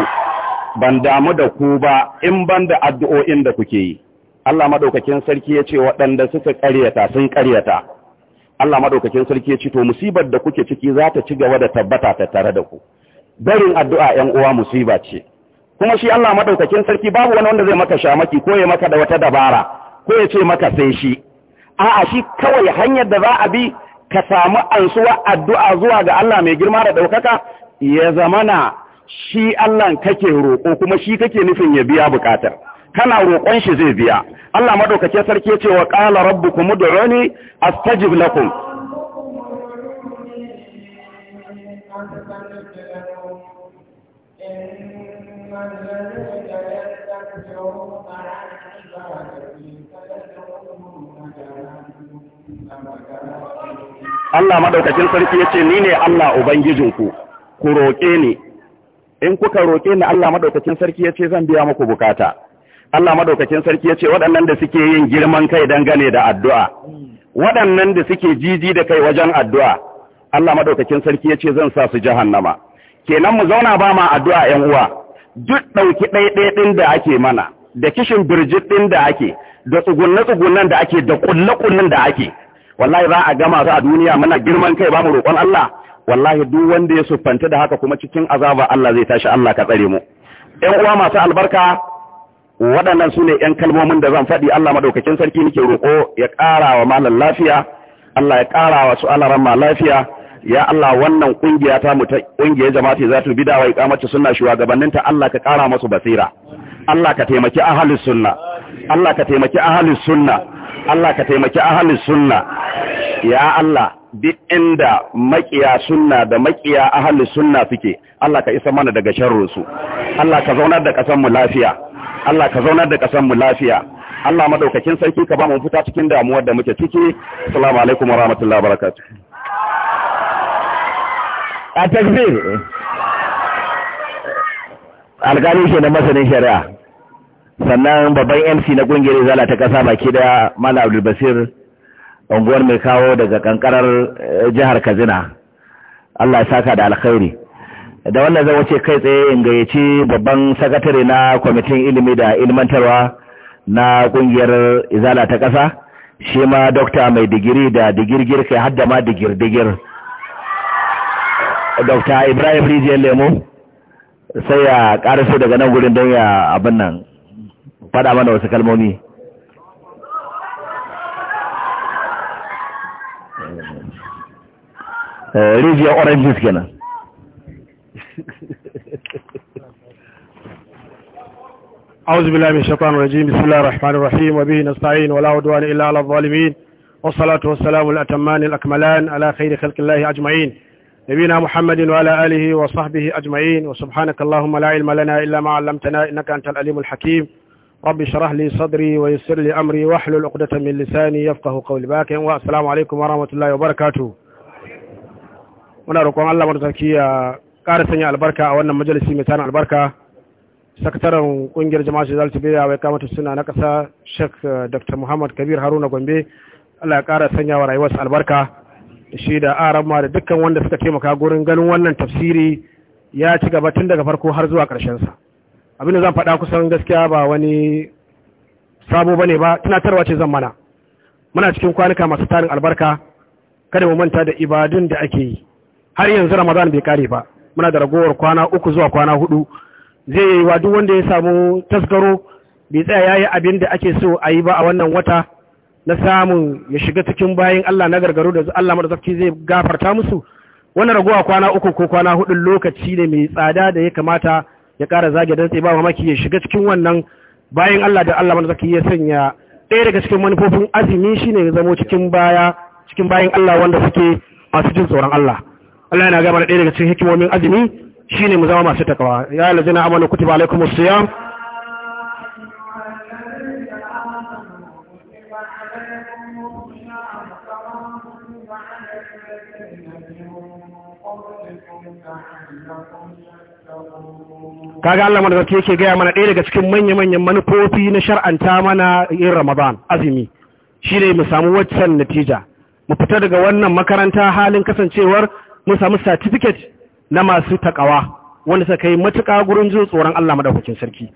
ban damu da ku ba in ban da addu'o'in da kuke yi. Allah madaukakin sarki ya ce waɗanda suka ƙaryata sun ƙaryata. Allah madaukakin sarki ya ce to musibar da kuke ciki za ta ci gaba da tabbata ta tare da ku. Barin addu'a ‘yan uwa musiba ce. Kuma shi Allah madaukakin sarki babu wani wanda zai maka shamaki ko ya maka da wata dabara ko ya ce maka sai shi. A'a shi kawai hanyar da za a bi ka samu ansuwa addu'a zuwa ga Allah mai girma da ɗaukaka ya zamana shi Allah kake roƙo kuma shi kake nufin ya biya buƙatar kana roƙon shi zai biya Allah madaukake sarki ya ce wa kuma da ud'uni astajib lakum Allah madaukakin sarki yace ni ne Allah ubangijinku ku roƙe ni in kuka roke ni Allah madaukakin sarki yace zan biya muku bukata Allah madaukakin sarki yace waɗannan da suke yin girman kai gane da addu'a waɗannan da suke jiji da kai wajen addu'a Allah madaukakin sarki yace zan sa su jahannama kenan mu zauna ba ma addu'a ƴan uwa duk ɗauki ɗaiɗai ɗin da ake mana da kishin birjit ɗin da ake da tsugunne-tsugunnen da ake da kulle-kullen da ake wallahi za a gama su a duniya muna girman kai ba mu roƙon Allah wallahi duk wanda ya sufanta da haka kuma cikin azaba Allah zai tashi Allah ka tsare mu ɗan uwa masu albarka waɗannan su ne ɗan kalmomin da zan faɗi Allah madaukakin sarki nake roƙo ya ƙara wa malam lafiya Allah ya ƙara wa su alaran ma lafiya ya Allah wannan ƙungiya ta mu ta ƙungiyar jama'a za ta bi da wa iqamatu sunna shugabanninta Allah ka ƙara masu basira Allah ka taimaki ahlus sunna Allah ka taimaki ahlus sunna Allah ka taimaki ahalin sunna ya Allah duk inda makiya sunna da makiya ahalin sunna suke Allah ka isa mana daga sharrusu Allah ka zaunar da mu lafiya Allah ka zaunar da mu lafiya Allah madaukakin sarki ka ba mu fita cikin damuwar da muke ciki assalamu alaikum wa rahmatullahi wa barakatu. a takbir alƙalin shi na masanin shari'a sannan babban mc na kungiyar izala ta kasa baki da mala abdulbasir unguwar mai kawo daga kankarar eh, jihar kazina allah ya saka da alkhairi da wannan zan wuce kai tsaye in gayyaci babban sakatare na kwamitin ilimi da ilmantarwa na kungiyar izala ta kasa shi ma dokta mai digiri da digirgir kai da ma digirdigir dokta ibrahim rijiyar Lemu sai ya karasu daga nan gurin don ya abin nan faɗa mana wasu kalmomi rijiyar oranges kenan أعوذ بالله من الشيطان الرجيم بسم الله الرحمن الرحيم وبه نستعين ولا عدوان إلا على الظالمين والصلاة والسلام الأتمان الأكملان على خير خلق الله أجمعين نبينا محمد وعلى آله وصحبه أجمعين وسبحانك اللهم لا علم لنا إلا ما علمتنا إنك أنت العليم الحكيم رب اشرح لي صدري ويسر لي أمري واحلل عقدة من لساني يفقه قولي باكن والسلام عليكم ورحمة الله وبركاته muna roƙon Allah marzaki ya ƙara sanya albarka a wannan majalisi mai tana albarka sakataren ƙungiyar jama'a shi zalta biya wai kamata suna na ƙasa shek dr muhammad kabir haruna gombe Allah ya ƙara sanya wa rayuwarsa albarka shi da arama da dukkan wanda suka taimaka gurin ganin wannan tafsiri ya ci gaba tun daga farko har zuwa sa. abinda zan faɗa kusan gaskiya ba wani sabo ba ne ba tunatarwa ce zan mana muna cikin kwanuka masu tarin albarka kada mu manta da ibadun da ake yi har yanzu ramadan bai kare ba muna da ragowar kwana uku zuwa kwana hudu zai yi wa duk wanda ya samu tasgaro bai tsaya ya yi abin da ake so a yi ba a wannan wata na samun ya shiga cikin bayan Allah na gargaru da Allah zafi zai gafarta musu wannan ragowa kwana uku ko kwana hudu lokaci ne mai tsada da ya kamata ya ƙara zage dantse ba mamaki ya shiga cikin wannan bayan Allah da Allah wanda zaki ya sanya ɗaya daga cikin manufofin azumi shine ya zamo cikin baya cikin bayan Allah wanda suke masu jin tsoron Allah Allah yana gaba da ɗaya daga cikin hikimomin azumi shine mu zama masu takawa ya lazina amanu kutiba alaikumus siyam kaga Allah madauki yake gaya mana ɗaya daga cikin manya-manyan manufofi na shar'anta mana yin Ramadan azumi shi ne mu samu waccan natija mu fita daga wannan makaranta halin kasancewar mu samu certificate na masu takawa wanda suka yi matuƙa gurin jin tsoron Allah madaukakin sarki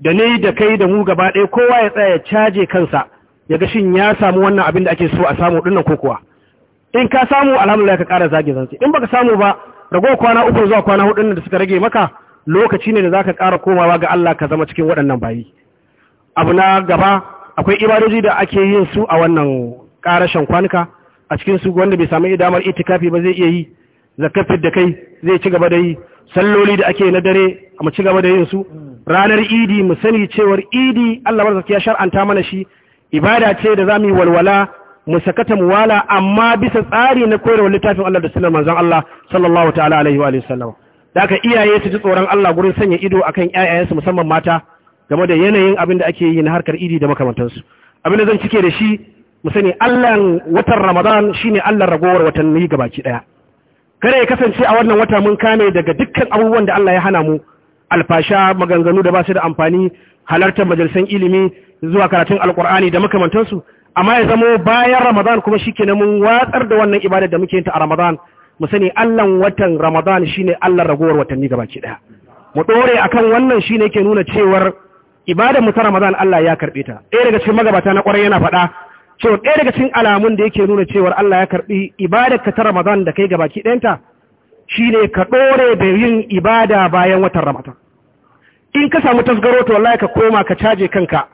da ni da kai da mu gaba ɗaya kowa ya tsaya ya caje kansa ya ga shin ya samu wannan abin da ake so a samu dinnan ko kuwa in ka samu alhamdulillah ka ƙara zage zance in baka samu ba ragowar kwana uku zuwa kwana hudu da suka rage maka lokaci ne da za ka ƙara komawa ga Allah ka zama cikin waɗannan bayi abu na gaba akwai ibadoji da ake yin su a wannan ƙarashen kwanuka a cikin su wanda bai sami damar itikafi ba zai iya yi zakafi da kai zai ci gaba da yi salloli da ake na dare a mu ci gaba da yin su ranar idi mu sani cewar idi Allah barzaki ya shar'anta mana shi ibada ce da zamu yi walwala mu sakata mu wala amma bisa tsari na koyarwar littafin Allah da sunan manzon Allah sallallahu ta'ala alaihi wa sallam da aka iyaye su ji tsoron Allah gurin sanya ido akan ƴaƴayensu musamman mata game da yanayin abin da ake yi na harkar idi da makamantansu abin da zan cike da shi mu sani Allah watan Ramadan ne Allah ragowar watanni gabaki daya kare ya kasance a wannan wata mun kame daga dukkan abubuwan da Allah ya hana mu alfasha maganganu da ba su da amfani halartar majalisan ilimi zuwa karatun alkur'ani da makamantansu amma ya zamo bayan Ramadan kuma shi shikenan mun watsar da wannan ibadar da muke yin ta a Ramadan mu sani allan watan ramadan shine allan ragowar watanni gabaki daya mu dore akan wannan shine yake nuna cewar ibada mu ta ramadan Allah ya karbe ta ɗaya daga cikin magabata na ƙwarai yana faɗa cewa ɗaya daga cikin alamun da yake nuna cewar Allah ya karbi ibadar ka ta ramadan da kai gabaki ɗayanta shine ka dore da yin ibada bayan watan ramadan in ka samu tasgaro to wallahi ka koma ka caje kanka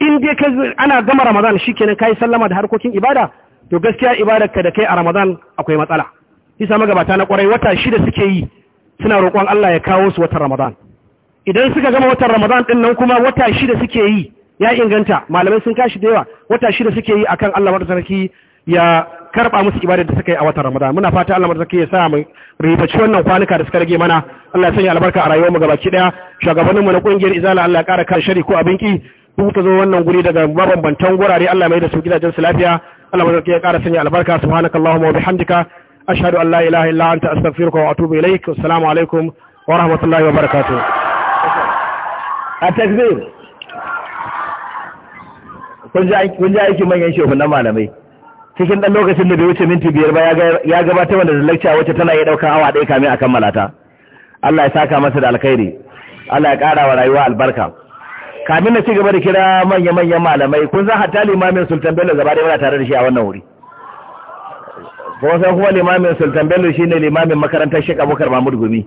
in dai ka ana gama ramadan shikenan kai sallama da harkokin ibada to gaskiya ibadar ka da kai a ramadan akwai matsala isa magabata na kwarai wata shida suke yi suna roƙon Allah ya kawo su watan Ramadan idan suka gama watan Ramadan din nan kuma wata shida suke yi ya inganta malamai sun kashi da yawa wata shida suke yi akan Allah wata sarki ya karba musu ibadar da suka yi a watan Ramadan muna fata Allah madaukake ya sa mu rifaci wannan kwanuka da suka rage mana Allah ya sanya albarka a rayuwar mu gabaki daya shugabannin mu na kungiyar izala Allah ya kara kan shari ko abin ki ku ta zo wannan guri daga mabambantan gurare Allah mai da su gidajen su lafiya Allah madaukake ya kara sanya albarka subhanakallahumma wa bihamdika أشهد أن لا إله إلا أنت أستغفرك وأتوب إليك والسلام عليكم alaikum wa وبركاته wa barakatuh at-takbir kun ji aiki manyan shehunan malamai cikin ɗan lokacin da bai wuce minti biyar ba ya gabata wanda da lakca wacce tana yi ɗaukar awa ɗaya kamin a kammala ta Allah ya saka masa da alkhairi Allah ya ƙara wa rayuwa albarka kamin na ci gaba da kira manya-manyan malamai kun za hatta limamin sultan bello gaba da yana tare da shi a wannan wuri kuma kuma limamin sultan bello shine limamin makarantar shek abubakar mahmud gumi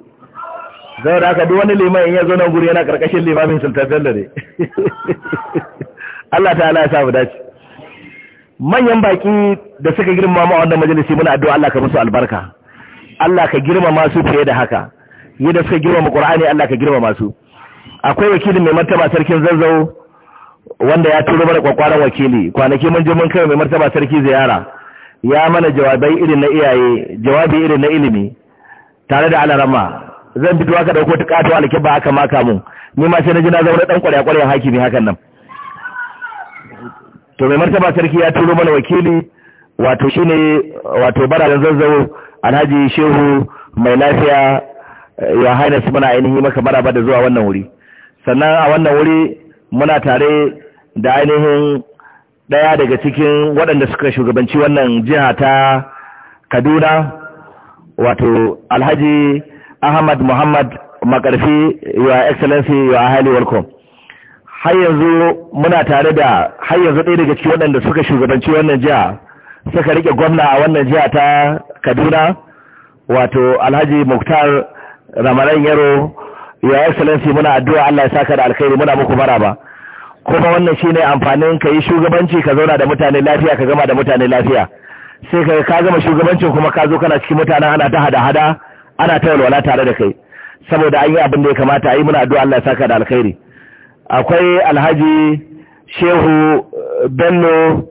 zai da aka duk wani liman in ya zo nan guri yana karkashin limamin sultan bello ne Allah ta'ala ya sa dace manyan baki da suka girmama ma a wannan majalisi muna addu'a Allah ka musu albarka Allah ka girmama su fiye da haka yadda suka girmama Qur'ani Allah ka girmama su akwai wakilin mai martaba sarkin zazzau wanda ya turo mana kwakwaran wakili kwanaki mun je mun kai mai martaba sarki ziyara ya mana jawabai irin na iyaye jawabi irin na ilimi tare da alarama zan fito haka dauko ta kato alkiba aka maka mun ni ma sai na ji na zaune dan kwarya kwarya hakimi hakan nan to mai martaba sarki ya turo mana wakili wato shine wato baralan zazzau alhaji shehu mai lafiya ya haina su muna ainihi maka maraba da zuwa wannan wuri sannan a wannan wuri muna tare da ainihin ɗaya daga cikin waɗanda suka shugabanci wannan jiha ta kaduna wato alhaji ahmad muhammad makarfi your excellency your highly welcome har yanzu muna tare da har yanzu ɗaya daga cikin waɗanda suka shugabanci wannan jiha suka rike gwamna a wannan jiha ta kaduna wato alhaji muktar ramaran yaro your excellency muna addu'a allah ya saka da alkhairi muna muku maraba ba kuma wannan shi ne amfanin ka yi shugabanci ka zauna da mutane lafiya ka gama da mutane lafiya sai ka ka gama shugabancin kuma ka zo kana cikin mutane ana ta hada hada ana ta walwala tare da kai saboda an yi abin da ya kamata a yi muna addu'a Allah ya saka da alkhairi akwai alhaji shehu eh, bello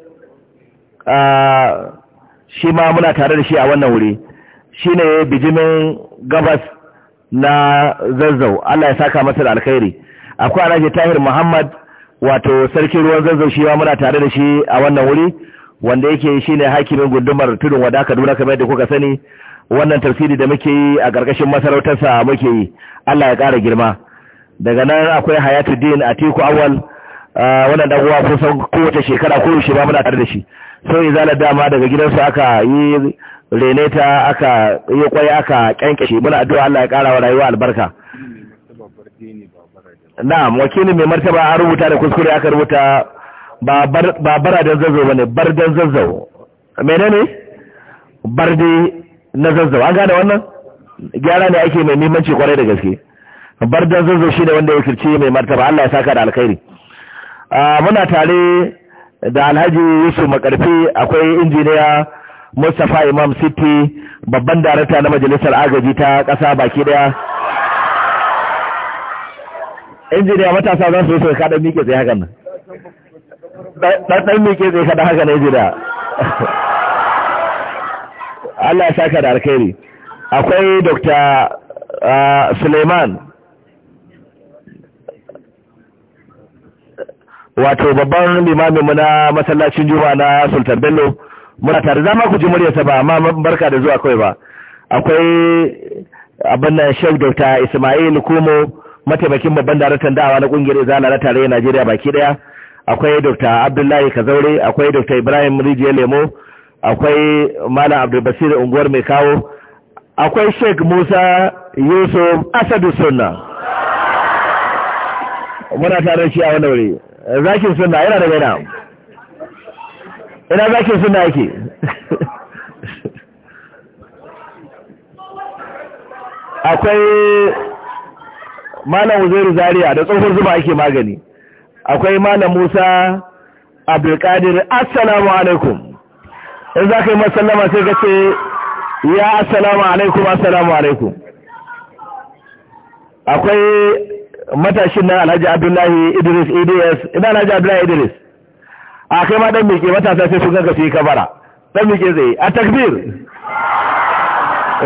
ah, shi ma muna tare da shi a wannan wuri shi ne bijimin gabas na zazzau Allah ya saka masa da alkhairi akwai alhaji tahir muhammad wato sarkin ruwan zanzan shi muna tare da shi a wannan wuri wanda yake ne hakimin gundumar tudun wada Kaduna kamar da kuka sani wannan tafsiri da muke yi a ƙarƙashin masarautarsa muke yi Allah ya ƙara girma daga nan akwai a Atiku Awal wannan dan uwa kusan kowace shekara ko shi ba muna tare da shi so izalar dama daga gidansu aka yi reneta aka yi kwai aka kyankashi muna addu'a Allah ya ƙara wa rayuwa albarka na'am wakilin mai martaba a rubuta da kuskure aka rubuta ba bara don zazzau ba ne bar don zazzau mene ne bar dai na zazzau an gane wannan gyara ne ake mai mimanci kwarai da gaske bar don zazzau shi wanda ya kirce mai martaba Allah ya saka da alkhairi muna tare da alhaji yusuf makarfi akwai injiniya mustapha imam city babban darakta na majalisar agaji ta ƙasa baki daya injiniya matasa za su yi ka dan mike tsaye hakan nan ɗanɗan mike tsaye kaɗan haka na injiniya Allah ya saka da alkhairi akwai Dr. Ah, Suleiman wato babban limamin mu na masallacin Juma'a na Sultan Bello muna tare za ma ku ji muryarsa ba amma barka da zuwa kawai ba akwai abin nan Sheikh Dr. Ismail Kumo mataimakin babban daraktan da'awa na kungiyar izala na tarayya Najeriya baki daya akwai Dr. Abdullahi Kazaure akwai Dr. Ibrahim Rijiyar Lemo akwai Malam Abdul Basir unguwar mai kawo akwai Sheikh Musa Yusuf Asadu Sunna muna tare shi a wannan wuri zakin sunna yana daga ina ina zakin sunna yake akwai malam uzairu zaria da tsohon zuba ake magani akwai malam musa abdulkadir assalamu alaikum in za ka yi masallama sai ka ce ya assalamu alaikum assalamu alaikum akwai matashin nan alhaji abdullahi idris idris e ina alhaji abdullahi idris a kai ma dan mike matasa sai sun ganka su yi kabara dan mike zai a takbir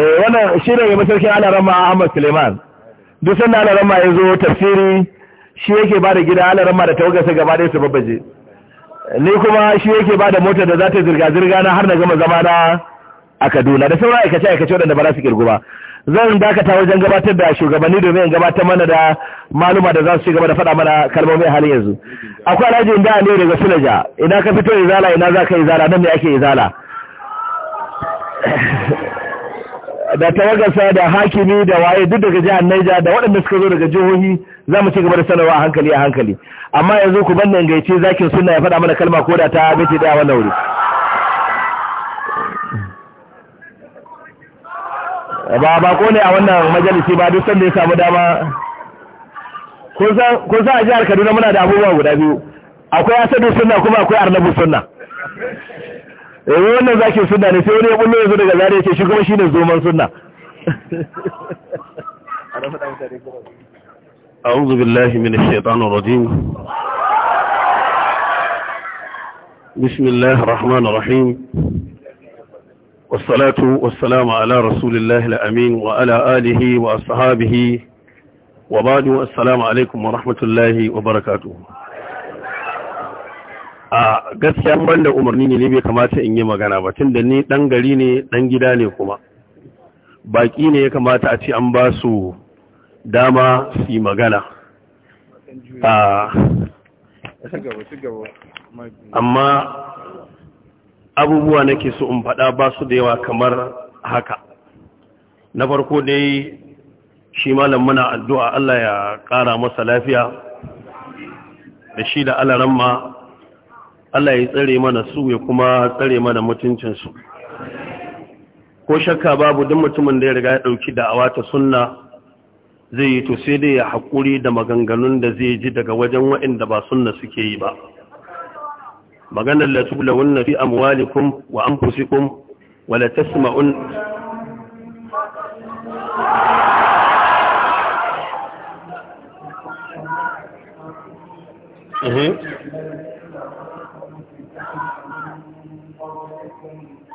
eh wannan shine ga masarkin rama ahmad suleiman duk sanda alarama ya zo tafsiri shi yake ba da gida alarama da tawagarsa gaba da su babbaje ni kuma shi yake ba da motar da za ta zirga-zirga na har na gama zama na a kaduna da sauran aikace-aikace waɗanda ba za su kirgu ba zan dakata wajen gabatar da shugabanni domin gabatar mana da maluma da za su ci gaba da faɗa mana kalmomi a halin yanzu akwai alhaji inda ne daga sulaja ina ka fito izala ina za ka izala nan ne ake izala da tawagarsa da hakimi da waye duk daga jihar Niger da waɗanda suka zo daga jihohi za mu ci gaba da sanarwa a hankali a hankali amma yanzu ku nan gaice zakin suna ya faɗa mana kalma koda ta bace da wannan wuri ba ba ko ne a wannan majalisi ba duk sanda ya samu dama kun san a jihar Kaduna muna da abubuwa guda biyu akwai asadu sunna kuma akwai arnabu sunna Eh, wannan sunna ne sai wani ya bullo yanzu daga zare shi kuma shine zoman sunna أعوذ بالله من الشيطان الرجيم بسم الله الرحمن الرحيم والصلاة والسلام على رسول الله الأمين وعلى آله وأصحابه وبعد السلام عليكم ورحمة الله وبركاته a gaskiya banda umarni ne bai kamata in yi magana ba tunda ni dan gari ne dan gida ne kuma baki ne ya kamata a ce an ba su dama su yi magana amma abubuwa nake so in faɗa ba su da yawa kamar haka na farko dai shi malam muna addu'a Allah ya ƙara masa lafiya da shi da alaramma Allah ya tsare mana su ya kuma tsare mana mutuncinsu ko shakka babu duk mutumin da ya riga ya ɗauki da'awa ta sunna zai yi to sai dai ya haƙuri da maganganun da zai ji daga wajen waɗanda ba sunna suke yi ba maganar la tublawunna fi amwalikum wa anfusikum wa la tasma'un Mm-hmm.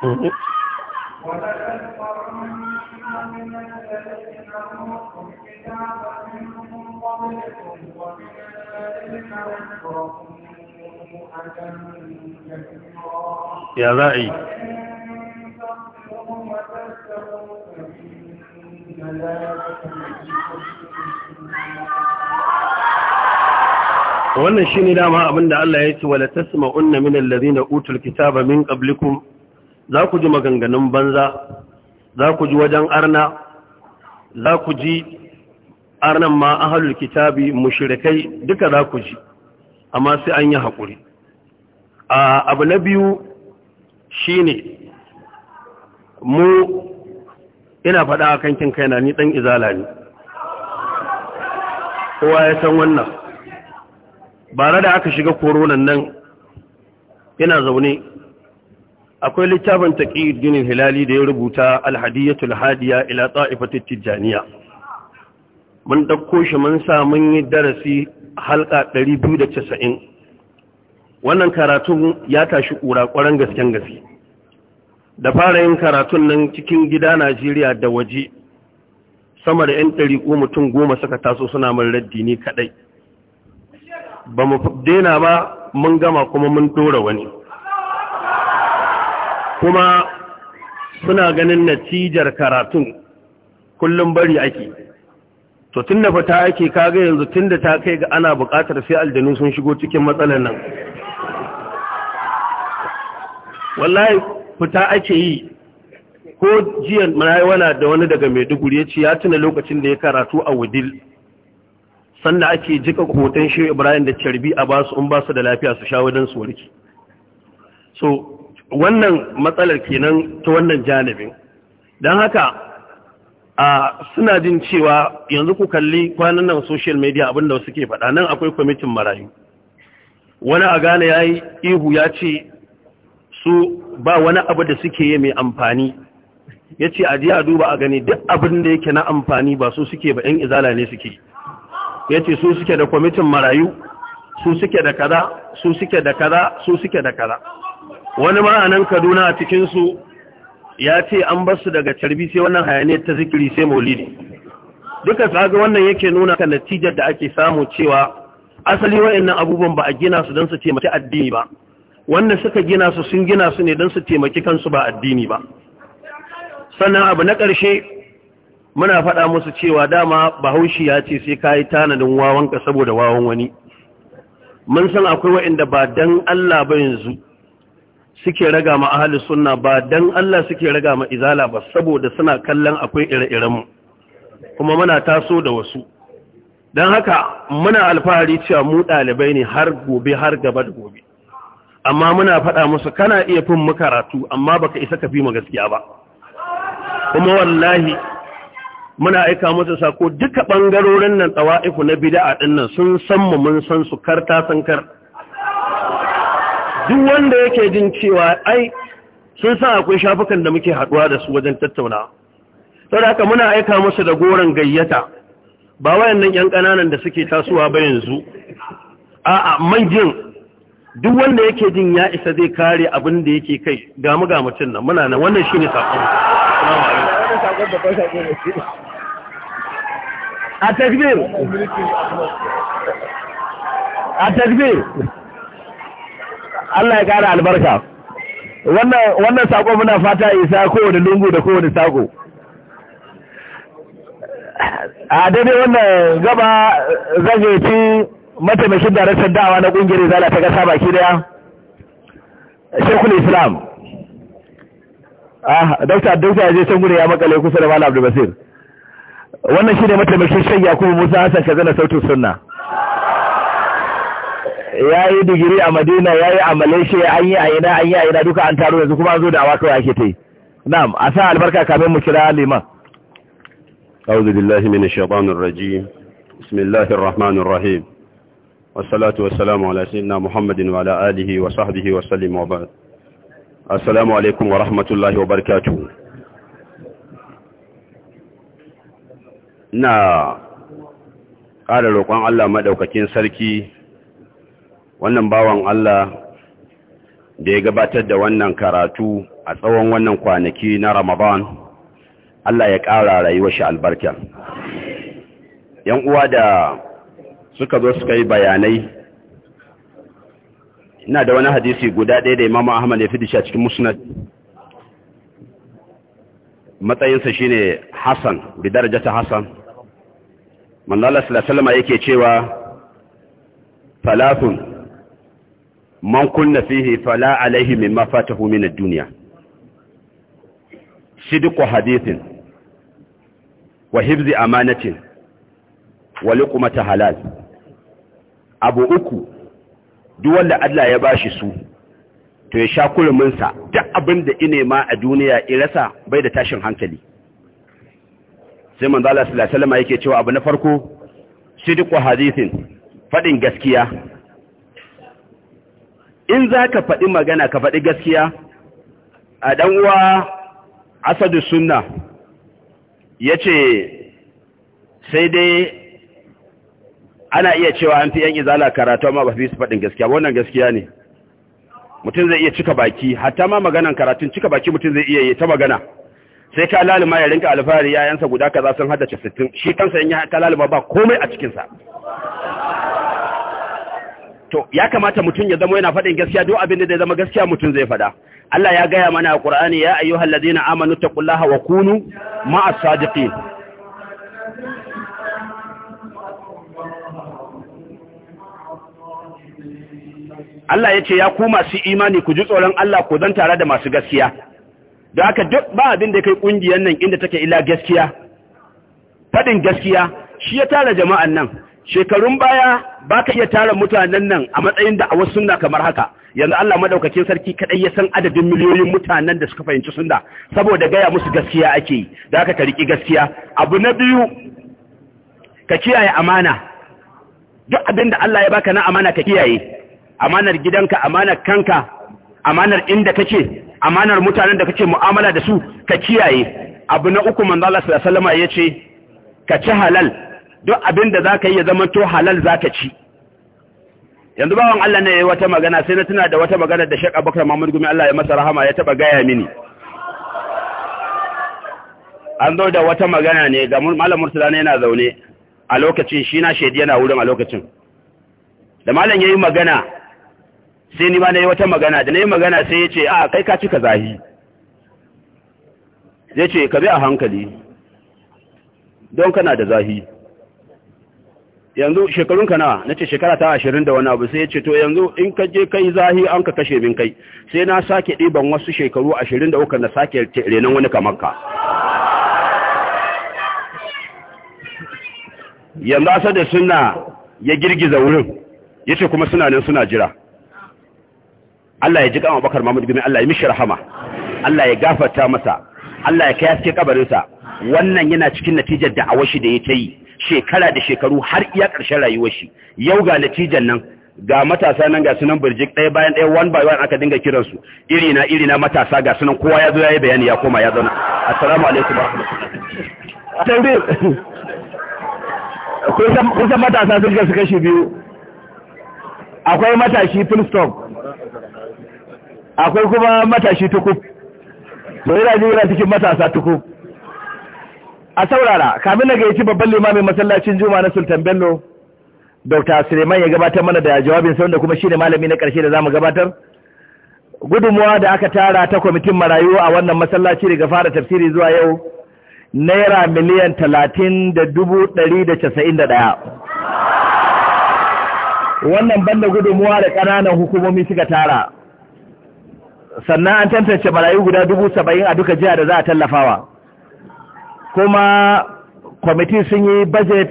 ولقد قرنا من الذين أوتوا الكتاب منهم قبلكم ومن الذين أشركوا أجرا كثيرا يا بائي wannan shine dama abinda Allah ya ce wala tasma'unna minal ladina utul kitaba min qablikum za ku ji maganganun banza za ku ji wajen arna za ku ji arnan ma ahalul kitabi mushrikai duka za ku ji amma sai an yi haƙuri abu na biyu shine mu ina faɗa a kankin kaina ni ɗan izala ne kowa ya san wannan ba da aka shiga koronan nan ina zaune akwai littafin ginin hilali da ya rubuta Alhadiyyatu alhadiya ila ta'ifatit tijaniya mun dauko shi mun sa mun yi darasi halka 290 wannan karatun ya tashi kura ƙuraƙwaren gasken gaske da fara yin karatun nan cikin gida Najeriya da waje sama da 'yan ko mutum goma suka taso suna min raddi ne kaɗai ba mu daina ba mun gama kuma mun ɗora wani kuma suna ganin natijar karatun kullum bari ake to tun da fita ake kaga yanzu tun da ta kai ga ana buƙatar sai aljanu sun shigo cikin matsalar nan wallahi fita ake yi ko jiya wana da wani daga maiduguri ya ce ya tuna lokacin da ya karatu a wudil sanda ake jika hoton shi ibrahim da carbi a basu in basu da lafiya su sha wajen su warki so wannan matsalar kenan ta wannan janibin don haka a suna jin cewa yanzu ku kalli kwanan nan social media abinda wasu ke faɗa nan akwai kwamitin marayu wani a gane ya yi ihu ya ce su ba wani abu da suke yi mai amfani ya ce a jiya duba a gani duk abin da yake na amfani ba su suke ba 'yan izala ne suke ya ce su suke da kwamitin marayu su suke da kaza su suke da kaza su suke da kaza wani ma'anan kaduna a cikinsu ya ce an basu daga carbi sai wannan hayane ta zikiri sai maulidi duka tsaga wannan yake nuna ka natijar da ake samu cewa asali wa'annan abubuwan ba a gina su don su taimaki addini ba wannan suka gina su sun gina su ne don su taimaki kansu ba addini ba sannan abu na ƙarshe muna faɗa musu cewa dama bahaushe ya ce sai ka yi tanadin wawanka saboda wawan wani mun san akwai wa'inda ba don Allah ba yanzu suke raga ma ahli sunna ba dan Allah suke raga ma izala ba saboda suna kallon akwai ire-iren mu kuma muna taso da wasu dan haka muna alfahari cewa mu dalibai ne har gobe har gaba da gobe amma muna faɗa musu kana iya fin mu karatu amma baka isa ka fi mu gaskiya ba kuma wallahi muna aika musu sako duka bangarorin nan tsawa'ifu na bid'a dinnan sun san mu mun san su karta kar. duk wanda yake jin cewa ai sun sa akwai shafukan da muke haduwa da su wajen tattauna saboda haka muna aika musu da goron gayyata ba wayannan yan kananan da suke tasowa ba yanzu a'a manjin duk wanda yake jin ya isa zai kare abin da yake kai ga mu ga mutun nan muna nan wannan shine sakon a takbir a takbir Allah ya kara albarka wannan sako muna fata isa kowane lungu da kowane sako a daidai wannan gaba zagaci mataimakin daraktar dawa na kungiyar zala ta gasa baki daya shekul islam ah dokta dokta ya je can gudu ya makale kusa da malam abdul basir wannan shine mataimakin shayya kuma musa hassan zana sautin sunna ya yi digiri a madina ya yi a malaysia an yi a ina an yi a ina duka an taro yanzu kuma an zo da awa kawai ake ta yi na'am a sa albarka kamin mu kira liman أعوذ بالله من الشيطان Wasalatu بسم الله الرحمن muhammadin wa والسلام على سيدنا محمد wa salim وصحبه وسلم وبعد alaikum wa ورحمة wa وبركاته na ƙara roƙon Allah maɗaukakin sarki wannan bawan Allah da ya gabatar da wannan karatu a tsawon wannan kwanaki na Ramadan Allah ya ƙara rayuwar shi albarka yan uwa da suka zo suka yi bayanai ina da wani hadisi guda ɗaya da Imam Ahmad ya fi disha cikin musnad matsayinsa shine Hassan bi darajata Hassan manzo Allah yake cewa falafin man kunna fihi fala alaihi mimma fatahu min ad-dunya sidqu hadithin wa hibzi amanatin wa luqmata halal abu uku duk wanda Allah ya bashi su to ya sha kurumin sa duk abinda ine ma a duniya irasa bai da tashin hankali sai manzo Allah sallallahu alaihi wasallam yake cewa abu na farko sidqu hadithin fadin gaskiya in za ka faɗi magana ka faɗi gaskiya a ɗan'uwa asadu sunna ya ce sai dai ana iya cewa an fi ‘yan izala karatu amma ba fi su faɗin gaskiya wannan gaskiya ne mutum zai iya cika baki hatta ma maganan karatun cika baki mutum zai iya yi ta magana sai ka lalima ya rinka alfahari yayansa guda ka za sun haddace sittin shi kansa yin ya ka lalima ba komai a cikinsa to ya kamata mutum ya zama yana faɗin gaskiya duk abin da zai zama gaskiya mutum zai faɗa Allah ya gaya mana a Qur'ani ya ayyuhal ladina amanu taqullaha wa kunu ma'as sadiqin Allah ya ce ya ku masu imani ku ji tsoron Allah ku zan tare da masu gaskiya da haka duk ba abin da kai kungiyar nan inda take ila gaskiya faɗin gaskiya shi ya tara jama'an nan shekarun baya ba ka iya tara mutanen nan a matsayin da a wasu suna kamar haka yanzu Allah madaukakin sarki kadai ya san adadin miliyoyin mutanen da suka fahimci sunna saboda gaya musu gaskiya ake yi da aka tariki gaskiya abu na biyu ka kiyaye amana duk abin da Allah ya baka na amana ka kiyaye amanar gidanka amanar kanka amanar inda kake amanar mutanen da kake mu'amala da su ka kiyaye abu na uku manzo Allah sallallahu alaihi wasallam ce ka ci halal duk abin da za ka yi ya zama to halal za ka ci yanzu bawan Allah ne ya yi wata magana sai na tuna da wata magana da shaƙa bakar mamud gumi Allah ya masa rahama ya taɓa gaya mini an zo da wata magana ne ga malam murtala ne yana zaune a lokacin shi na shaidi yana wurin a lokacin da malam ya yi magana sai ni ma na yi wata magana da na yi magana sai ya ce a kai ka cika zahi zai ce ka bi a hankali don kana da zahi yanzu shekarun ka nawa nace shekara ta 20 da wani abu sai ya ce to yanzu in ka je kai zahi an ka kashe min kai sai na sake diban wasu shekaru 23 na sake renan wani kamar ka yanzu asar da suna ya girgiza wurin yace kuma suna nan suna jira Allah ya ji kan Abubakar Mahmud bin Allah ya mishi rahama Allah ya gafarta masa Allah ya kai haske kabarinsa wannan yana cikin natijar da awashi da yake yi shekara da shekaru har iya ƙarshen rayuwar shi yau ga natijan nan ga matasa nan ga sunan birjik ɗaya bayan ɗaya one by one aka dinga kiransu iri na iri na matasa ga sunan kowa ya zo ya yi bayani ya koma ya zauna assalamu alaikum wa kun san matasa sun gasu kashi biyu akwai matashi full stop akwai kuma matashi tukub to yana ji yana cikin matasa tukub a saurara kamin na gaici babban limamin masallacin juma na sultan bello dr suleiman ya gabatar mana da jawabin sauran da kuma shine malami na karshe da zamu gabatar gudunmuwa da aka tara ta kwamitin marayu a wannan masallaci daga fara tafsiri zuwa yau naira miliyan talatin da dubu ɗari da casa'in da ɗaya wannan banda gudunmuwa da ƙananan hukumomi suka tara sannan an tantance marayu guda dubu saba'in a duka jiya da za a tallafawa kuma kwamiti sun yi budget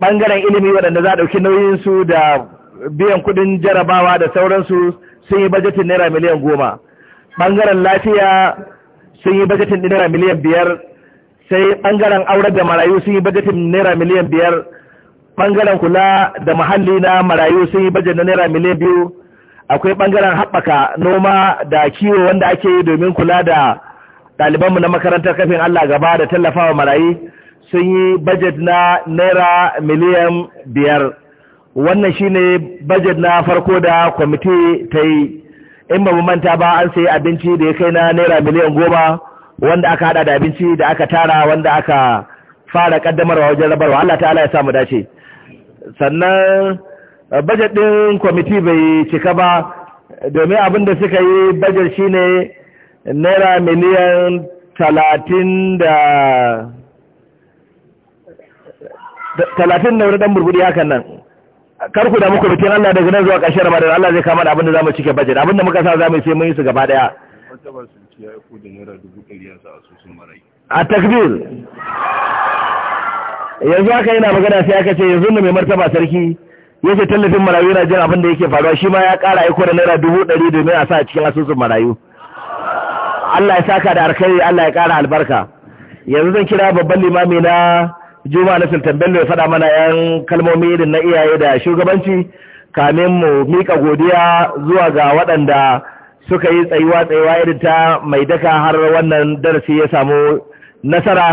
ɓangaren ilimi waɗanda za a ɗauki nauyinsu da biyan kuɗin jarabawa da sauransu sun yi bajetin naira miliyan goma ɓangaren lafiya sun yi budgetin naira miliyan biyar sai ɓangaren aure da marayu sun yi budgetin naira miliyan biyar ɓangaren kula da muhalli na marayu sun yi bajet na naira miliyan biyu akwai ɓangaren haɓaka noma da kiwo wanda ake yi domin kula da ɗalibanmu na makarantar kafin Allah gaba da tallafawa marayi sun yi bajet na naira miliyan biyar wannan shine bajet na farko da kwamiti ta yi in ba mu manta ba an sayi abinci da ya kai na naira miliyan goma wanda aka hada da abinci da aka tara wanda aka fara kaddamarwa wajen rabarwa Allah ta'ala ya samu dace sannan uh, bajet ɗin kwamiti bai cika ba domin abin da suka yi bajet shine naira miliyan talatin da talatin da wani ɗan burburi hakan nan karku da muku bikin Allah daga nan zuwa ƙarshen madara Allah zai kama da abin da zamu cike bajet abin da muka sa zamu sai mun yi su gaba daya a takbir yanzu haka yana magana sai aka ce yanzu mai martaba sarki ce tallafin marayu yana jin abin da yake faruwa shi ma ya ƙara aiko da naira dubu ɗari domin a sa cikin asusun marayu Allah ya saka da alkhairi Allah ya kara albarka yanzu zan kira babban limami na Juma na Sultan Bello ya faɗa mana yan kalmomi irin na iyaye da shugabanci kamin mu mika godiya zuwa ga waɗanda suka yi tsayuwa tsayuwa irin ta mai daka har wannan darasi ya samu nasara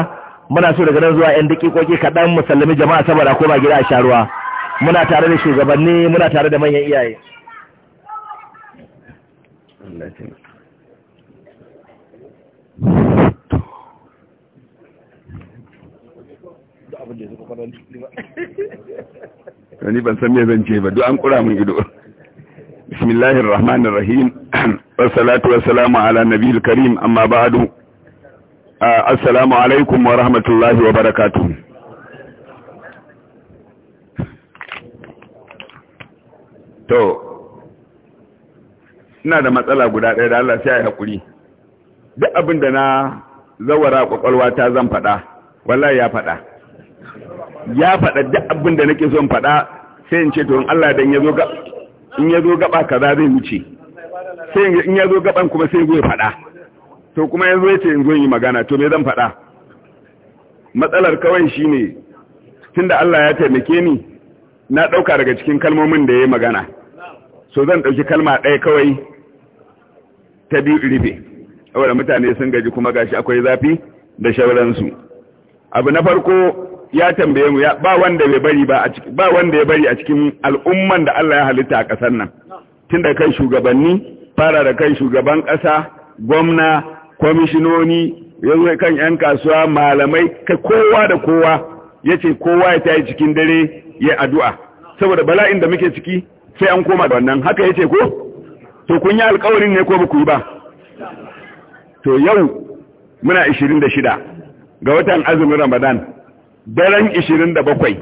muna so daga nan zuwa yan dakikoki kaɗan mu sallami jama'a saboda koma gida a sharuwa muna tare da shugabanni muna tare da manyan iyaye wani ban san me zan ce ba duk an kura mun ido bismillahir rahmanir rahim wassalatu wassalamu ala nabiyil karim amma ba'du assalamu alaikum wa rahmatullahi wa barakatuh to ina da matsala guda ɗaya da Allah sai ya hakuri duk abinda na zawara kwakwalwa ta zan faɗa wallahi ya faɗa ya faɗa duk abin da nake son faɗa sai in ce to in Allah dan yazo ga in yazo gaba kaza zai wuce sai in yazo gaban kuma sai zai faɗa to kuma yanzu yace in zo yi magana to me zan faɗa matsalar kawai shine tunda Allah ya taimake ni na dauka daga cikin kalmomin da yayi magana so zan dauki kalma ɗaya kawai ta biyu rufe saboda mutane sun gaji kuma gashi akwai zafi da shauransu abu na farko ya tambaye mu ba wanda bai bari ba a cikin ba wanda ya bari a cikin al'umman da Allah ya halitta a kasar nan tun da kai shugabanni fara da kai shugaban kasa, gwamna kwamishinoni yanzu kan yan kasuwa malamai kai kowa da kowa yace kowa ya tayi cikin dare ya addu'a saboda bala'in da muke ciki sai an koma da wannan haka yace ko to kun yi alƙawarin ne ko ba ku yi ba to yau muna 26 ga watan azumin Ramadan daren 27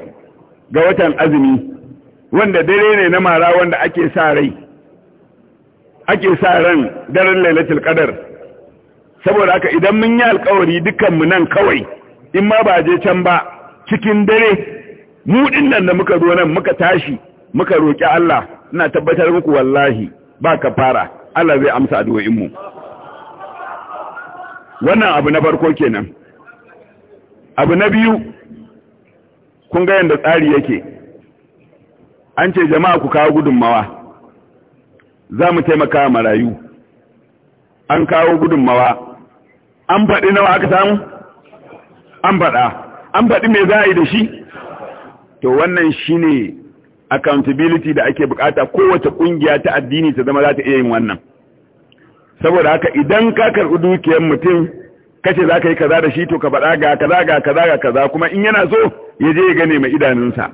ga watan azumi wanda dare ne na mara wanda ake sa rai ake sa ran daren lailatul qadar saboda haka idan mun yi alkawari dukkanmu nan kawai in ma ba je can ba cikin dare mu dinnan da muka zo nan muka tashi muka roki Allah ina tabbatar muku wallahi ba ka fara, Allah zai amsa addu'o'in mu wannan abu na farko kenan abu na biyu kun ga yadda tsari yake an ce jama'a ku kawo gudunmawa za mu taimaka marayu an kawo gudunmawa an faɗi nawa aka samu an faɗa an faɗi mai za a yi da shi to wannan shine accountability da ake bukata kowace ƙungiya ta addini ta zama za ta iya yin wannan saboda haka idan ka karɓi dukiyar mutum kace za ka yi kaza da shi to ka faɗa ga kaza ga kaza ga kaza kuma in yana so ya je ya gane mai idanunsa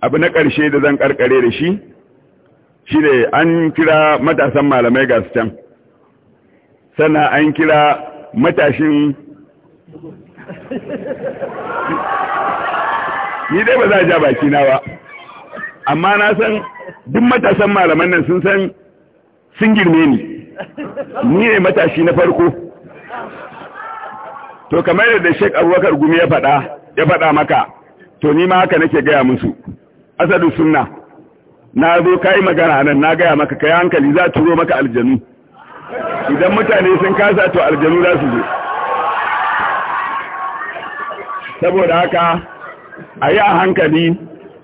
abu na ƙarshe da zan ƙarƙare da shi shi ne an kira matasan malamai ga can sannan an kira matashin ni dai ba za a ja baki na ba amma na san duk matasan malaman nan sun san sun girme ni ni ne matashi na farko to kamar da Sheikh Abubakar Gumi ya faɗa ya faɗa maka to ni ma haka nake gaya musu asadu sunna na zo kai magana nan na gaya maka kai hankali za turo maka aljanu idan mutane sun kasa to aljanu za su zo saboda haka a yi a hankali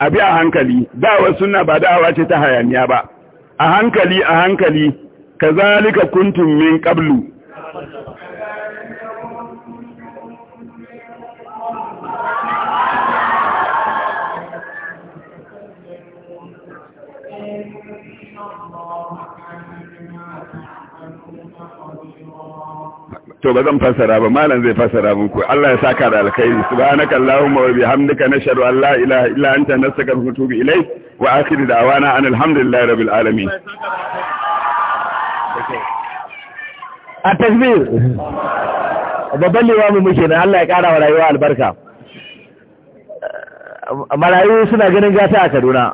a bi a hankali dawar sunna ba dawa ce ta hayaniya ba a hankali a hankali kazalika kuntun min qablu to ba zan fassara ba malam zai fassara muku Allah ya saka da alkhairi subhanaka allahumma wa bihamdika nashhadu an la ilaha illa anta nastaghfiruka wa natubu ilayk wa akhiru da'wana an alhamdulillahi rabbil alamin a takbir babban mu muke da Allah ya kara wa rayuwa albarka marayu suna ganin gata a Kaduna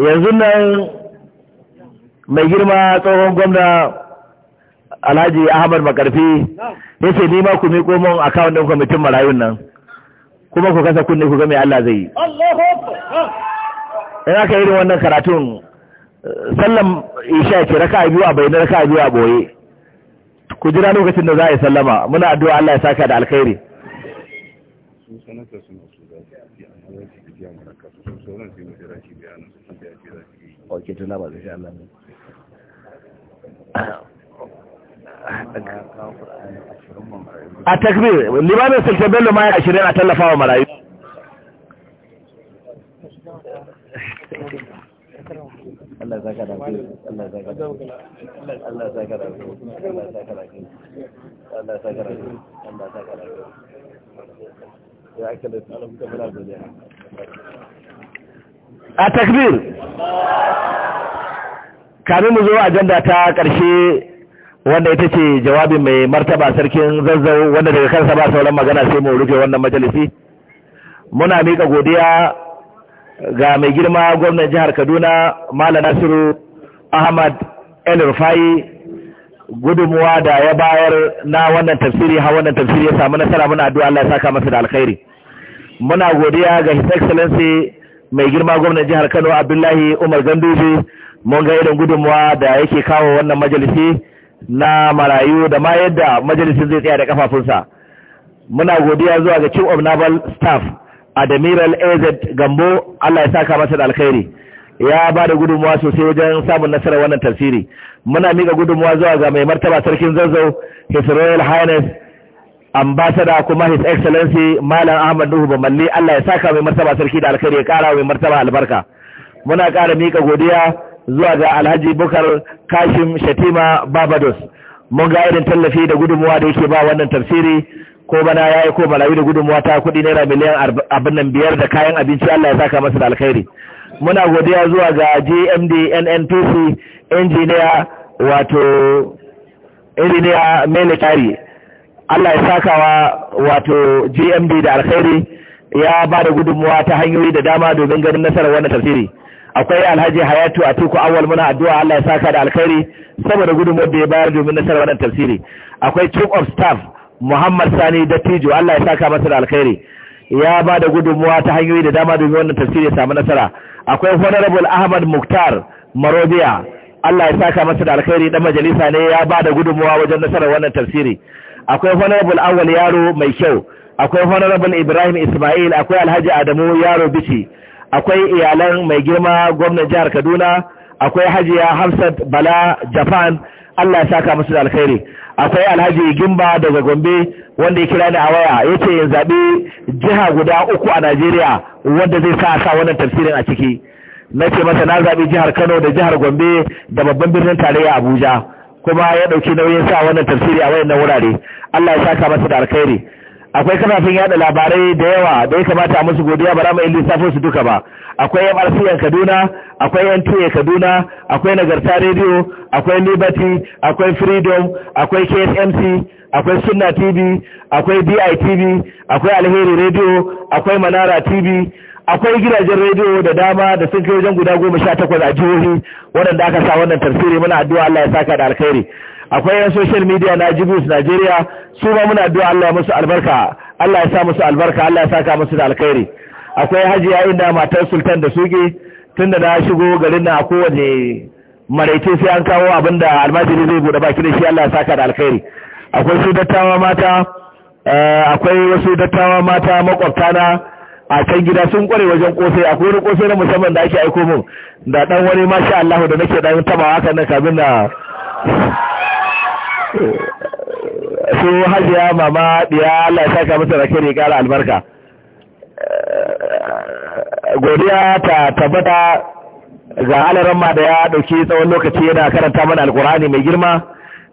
yanzu nan mai girma tsohon gwamna alhaji ahmad makarfi ya ce ni ma ku miƙo min akawun ɗin kwamitin marayun nan kuma ku kasa kunne ku ga allah zai yi in aka irin wannan karatun sallam isha ce raka biyu a bayyana raka biyu a boye ku jira lokacin da za a yi sallama muna addu'a allah ya saka da alkhairi Ok, tuna ba a takbir limamin sultan bello ma ya ashirin a tallafa wa marayu Allah zaka da Allah zaka da Allah zaka da Allah zaka da Allah zaka da Allah zaka da ya da da a takbir kamin mu zo ajanda ta karshe. wanda ita ce jawabi mai martaba sarkin zazzau wanda daga kansa ba sauran magana sai mu rufe wannan majalisi muna miƙa godiya ga mai girma gwamnan jihar kaduna mala nasiru ahmad el rufai gudunmuwa da ya bayar na wannan tafsiri ha wannan tafsiri ya samu nasara muna addu'a Allah ya saka masa da alkhairi muna godiya ga his excellency mai girma gwamnan jihar Kano Abdullahi Umar Ganduje mun ga irin gudunmuwa da yake kawo wannan majalisi na marayu da ma yadda majalisin zai tsaya da kafafunsa muna godiya zuwa ga chief of naval staff admiral az gambo allah ya saka masa da alkhairi ya ba da gudunmuwa sosai wajen samun nasarar wannan tafsiri muna mika gudunmuwa zuwa ga mai martaba sarkin zazzau his royal highness ambassador kuma his excellency malam ahmad nuhu bamalli allah ya saka mai martaba sarki da alkhairi ya kara mai martaba albarka muna kara mika godiya zuwa ga alhaji bukar kashim shatima barbados mun ga irin tallafi da gudunmuwa da yake ba wannan tafsiri ko bana ya yi ko malawi da gudunmuwa ta kudi naira miliyan abin nan biyar da kayan abinci allah ya saka masa da alkhairi muna godiya zuwa ga gmd nnpc engineer wato engineer military allah ya saka wa wato gmd da alkhairi ya ba da gudunmuwa ta hanyoyi da dama domin ganin nasarar wannan tafsiri akwai alhaji hayatu a tuku awal muna addu'a Allah ya saka da alkhairi saboda gudunmuwar da ya bayar domin nasarar wannan tafsiri akwai chief of staff muhammad sani dattijo Allah ya saka masa da alkhairi ya ba da gudunmuwa ta hanyoyi da dama domin wannan tafsiri ya samu nasara akwai honorable ahmad muktar marobiya Allah ya saka masa da alkhairi dan majalisa ne ya ba da gudunmuwa wajen nasarar wannan tafsiri akwai honorable awal yaro mai kyau akwai honorable ibrahim ismail akwai alhaji adamu yaro bici akwai iyalan mai girma gwamnan jihar Kaduna akwai hajiya hamsat Bala Japan Allah ya saka musu da alkhairi akwai Alhaji Gimba daga Gombe wanda ya kira ni a waya yace ya zaɓi jiha guda uku a Najeriya wanda zai sa sa wannan tafsirin a ciki na ce masa na zaɓi jihar Kano da jihar Gombe da babban birnin tarayya Abuja kuma ya ɗauki nauyin sa wannan tafsiri a wayannan wurare Allah ya saka masa da alkhairi akwai kafafen yada labarai da yawa da ya kamata a musu godiya ba za lissafin su duka ba akwai MRC Kaduna akwai tuye Kaduna akwai Nagarta Radio akwai Liberty akwai Freedom akwai KSMC akwai Sunna TV akwai DITV akwai Alheri Radio akwai Manara TV akwai gidajen radio da dama da sun kai wajen guda goma sha takwas a jihohi waɗanda aka sa wannan tafsiri muna addu'a Allah ya saka da alkhairi akwai yan social media na jibus Najeriya su ma muna addu'a Allah ya musu albarka Allah ya sa musu albarka Allah ya saka musu da alkhairi akwai hajiya inda matar sultan da suke tunda na shigo garin na kowane maraice sai an kawo abin da almajiri zai bude baki da shi Allah ya saka da alkhairi akwai su dattawa mata eh, akwai wasu dattawa mata makwabta na a can gida sun kware wajen kosai akwai wani kosai na musamman da ake aiko mun da dan wani masha Allah da nake dan tabawa kan nan kamin na su hajiya mama ɗiya Allah ya saka masa rake ne ƙara albarka godiya ta tabbata ga alaran ma da ya ɗauki tsawon lokaci yana karanta mana alkurani mai girma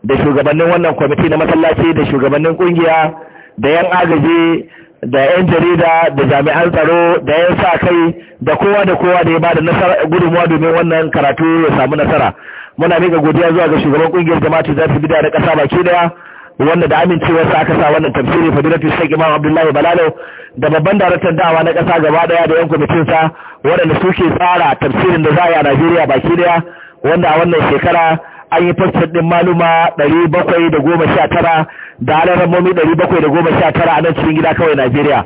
da shugabannin wannan kwamiti na masallaci da shugabannin kungiya da yan agaji da yan jarida da jami'an tsaro da yan sa kai da kowa da kowa da ya ba da gudunmuwa domin wannan karatu ya samu nasara muna miƙa godiya zuwa ga shugaban kungiyar jama'atu za ta bida da ƙasa baki daya wanda da amincewarsa aka sa wannan tafsiri fadilatu shaikh imam abdullahi balalo da babban daraktan da'awa na ƙasa gaba daya da yan kwamitin sa waɗanda suke tsara tafsirin da za a yi a najeriya baki daya wanda a wannan shekara an yi fasfet ɗin maluma ɗari bakwai da goma sha tara da alarammomi ɗari bakwai da goma sha tara a nan cikin gida kawai najeriya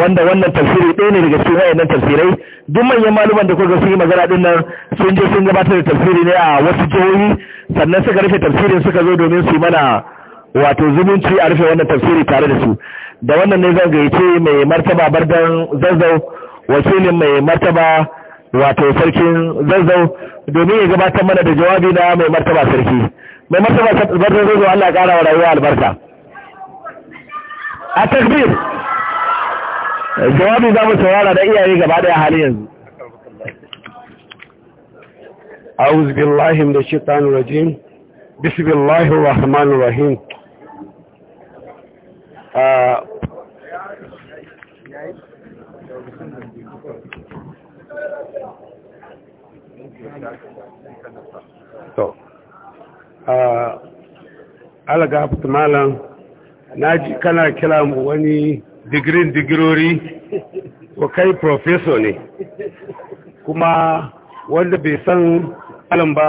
wanda wannan tafsiri ɗaya ne daga cikin wayannan tafsirai duk manyan maluman da kuka sun yi magana ɗin nan sun je sun gabatar da tafsiri ne a wasu jihohi sannan suka rufe tafsirin suka zo domin su mana wato zumunci a rufe wannan tafsiri tare da su da wannan ne zan gayyace mai martaba bardan zazzau wakilin mai martaba wato sarkin zazzau domin ya gabatar mana da jawabi na mai martaba sarki mai martaba bardan zazzau Allah ya kara wa rayuwa albarka a takbir jawabi za mu saurara da iyaye gaba daya hali yanzu أعوذ بالله من الشيطان الرجيم بسم الله الرحمن rahim ah, to ah, alaga na ji kana kira wani digirin digirori ko kai professor ne kuma wanda bai san malam ba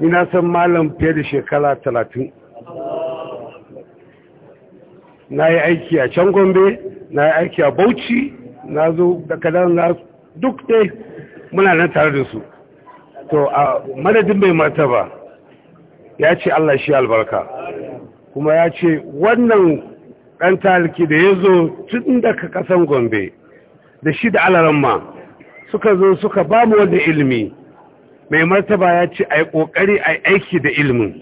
ni na san malam fiye da shekara talatin na yi aiki a can gombe na yi aiki a bauchi na zo da kadan na duk dai muna nan tare da su to a madadin bai martaba ya ce allah shi albarka kuma ya ce wannan ɗan taliki da ya zo tun daga ƙasan gombe da shi da alaramma suka zo suka ba mu wani ilimi mai martaba ya ce a yi ƙoƙari a aiki da ilimin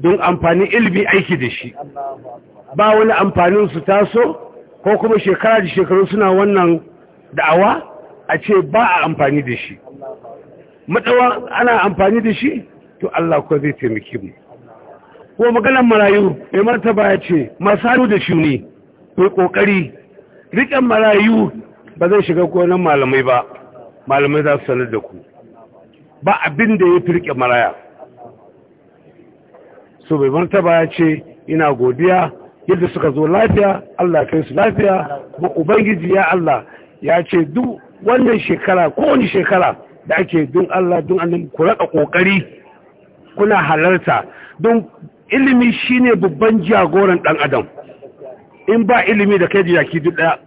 don amfani ilimi aiki da shi ba wani amfanin su taso ko kuma shekara da shekaru suna wannan da'awa a ce ba a amfani da shi matsawa ana amfani da shi to Allah ko zai taimaki mu ko maganar marayu mai martaba ya ce masu da shi ne mai kokari riƙen marayu ba zai shiga gonan malamai ba malamai za su sanar da ku ba abin da ya fi riƙe maraya so mai martaba ya ce ina godiya yadda suka zo lafiya Allah kai su lafiya ba ubangiji ya Allah ya ce duk wannan shekara kowane shekara da ake dun Allah dun annabi ku raka kokari kuna halarta don ilimi shi ne babban jagoran ɗan adam in ba ilimi da kai jaki duk ɗaya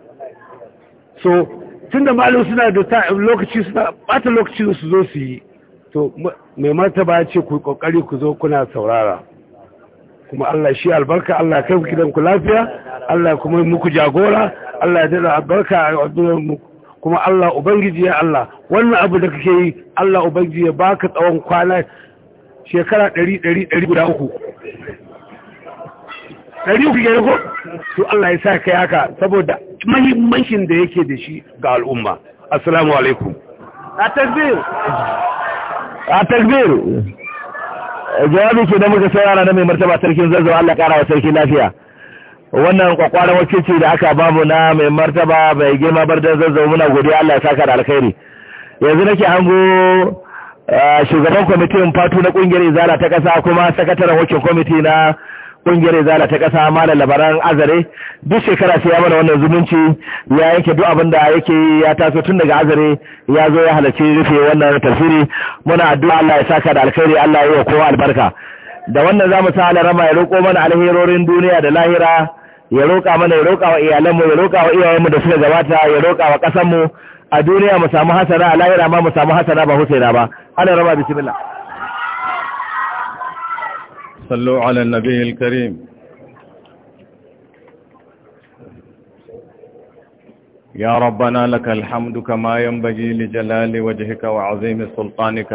so tun da malu suna da ta lokaci suna bata lokaci su zo su yi to mai martaba ya ce ku kokari ku zo kuna saurara kuma Allah shi albarka Allah kai ku gidan ku lafiya Allah kuma muku jagora Allah ya dada albarka a kuma Allah ubangiji ya Allah wannan abu da kake yi Allah ubangiji ya baka tsawon kwana shekara ɗari ɗari ɗari guda uku ɗari uku gari ko su Allah ya sa kai haka saboda mahimmancin da yake da shi ga al'umma assalamu alaikum a takbir a takbir jawabi ke da muka saurara da mai martaba sarkin zazzawa Allah kara wa sarki lafiya wannan kwakwaran wakilci da aka babu na mai martaba mai girma bar da zazzawa muna godiya Allah ya saka da alkhairi yanzu nake hango shugaban kwamitin fatu na kungiyar izala ta kasa kuma sakataren wakil kwamiti na kungiyar izala ta kasa malam labaran azare duk shekara sai ya mana wannan zumunci ya yanke duk abin da yake ya taso tun daga azare ya zo ya halarci rufe wannan tafsiri muna addu'a Allah ya saka da alkhairi Allah ya yi wa kowa albarka da wannan zamu sa alarama ya roƙo mana alherorin duniya da lahira ya roƙa mana ya roƙa wa iyalanmu ya roƙa wa iyayenmu da suka gabata ya roƙa wa mu. a duniya mu samu hasara a lahira ma mu samu hasara ba husaina ba على ربا بسم الله صلوا على النبي الكريم يا ربنا لك الحمد كما ينبغي لجلال وجهك وعظيم سلطانك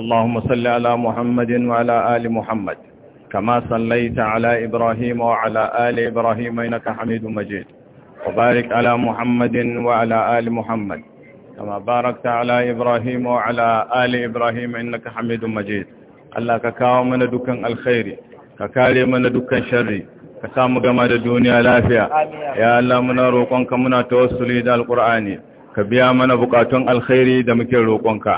اللهم صل على محمد وعلى آل محمد كما صليت على إبراهيم وعلى آل إبراهيم إنك حميد مجيد وبارك على محمد وعلى آل محمد كما باركت على إبراهيم وعلى آل إبراهيم إنك حميد مجيد الله ككاو من دكان الخير ككاري من دكان شر كسام جمع الدنيا لافيا يا الله من روقنك من توسلي دا القرآن ka biya mana bukatun alkhairi da muke roƙonka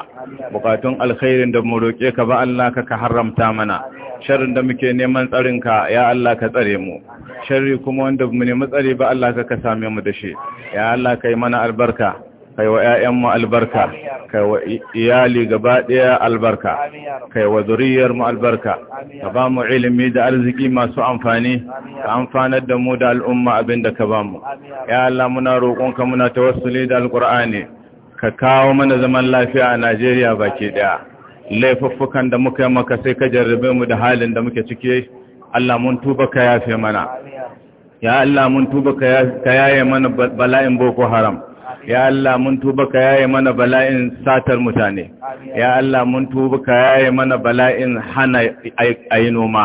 bukatun alkhairin da mu roƙe ka ba Allah ka haramta mana sharrin da muke neman tsarinka ya Allah ka tsare mu sharri kuma wanda mu ne tsare ba Allah ka ka same mu da shi ya Allah yi mana albarka kai wa ‘ya'yanmu albarka, kai wa iyali gaba ɗaya albarka, kai wa zuriyarmu albarka, ka ba mu ilimi da arziki masu amfani, ka amfanar da mu da al'umma abin da ka ba mu. Ya Allah muna roƙonka muna tawassuli da alƙur'ani, ka kawo mana zaman lafiya a Najeriya baki ɗaya. Laifuffukan da muka yi maka sai ka jarrabe mu da halin da muke ciki, Allah mun tuba ka yafe mana. Ya Allah mun tuba ka yaye mana bala'in Boko Haram. ya Allah mun tuba ka yaye mana bala'in satar mutane ya Allah mun tuba ka yaye mana bala'in hana ayi noma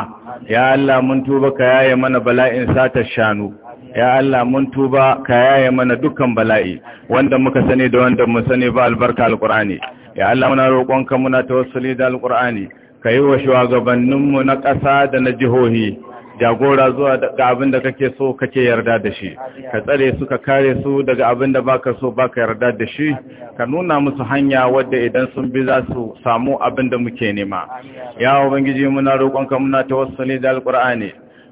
ya Allah mun tuba ka yaye mana bala'in satar shanu ya Allah mun tuba ka yaye mana dukkan bala'i wanda muka sani da wanda mun sani ba albarka alqur'ani ya Allah muna roƙonka muna tawassuli da alqur'ani kai wa shugabanninmu na ƙasa da na jihohi jagora zuwa ga abin da kake so kake yarda da shi ka tsare su ka kare su daga abin da baka so baka yarda da shi ka nuna musu hanya wadda idan sun bi za su samu abin da muke nema ya ubangiji muna roƙonka muna tawassuli da alqur'ani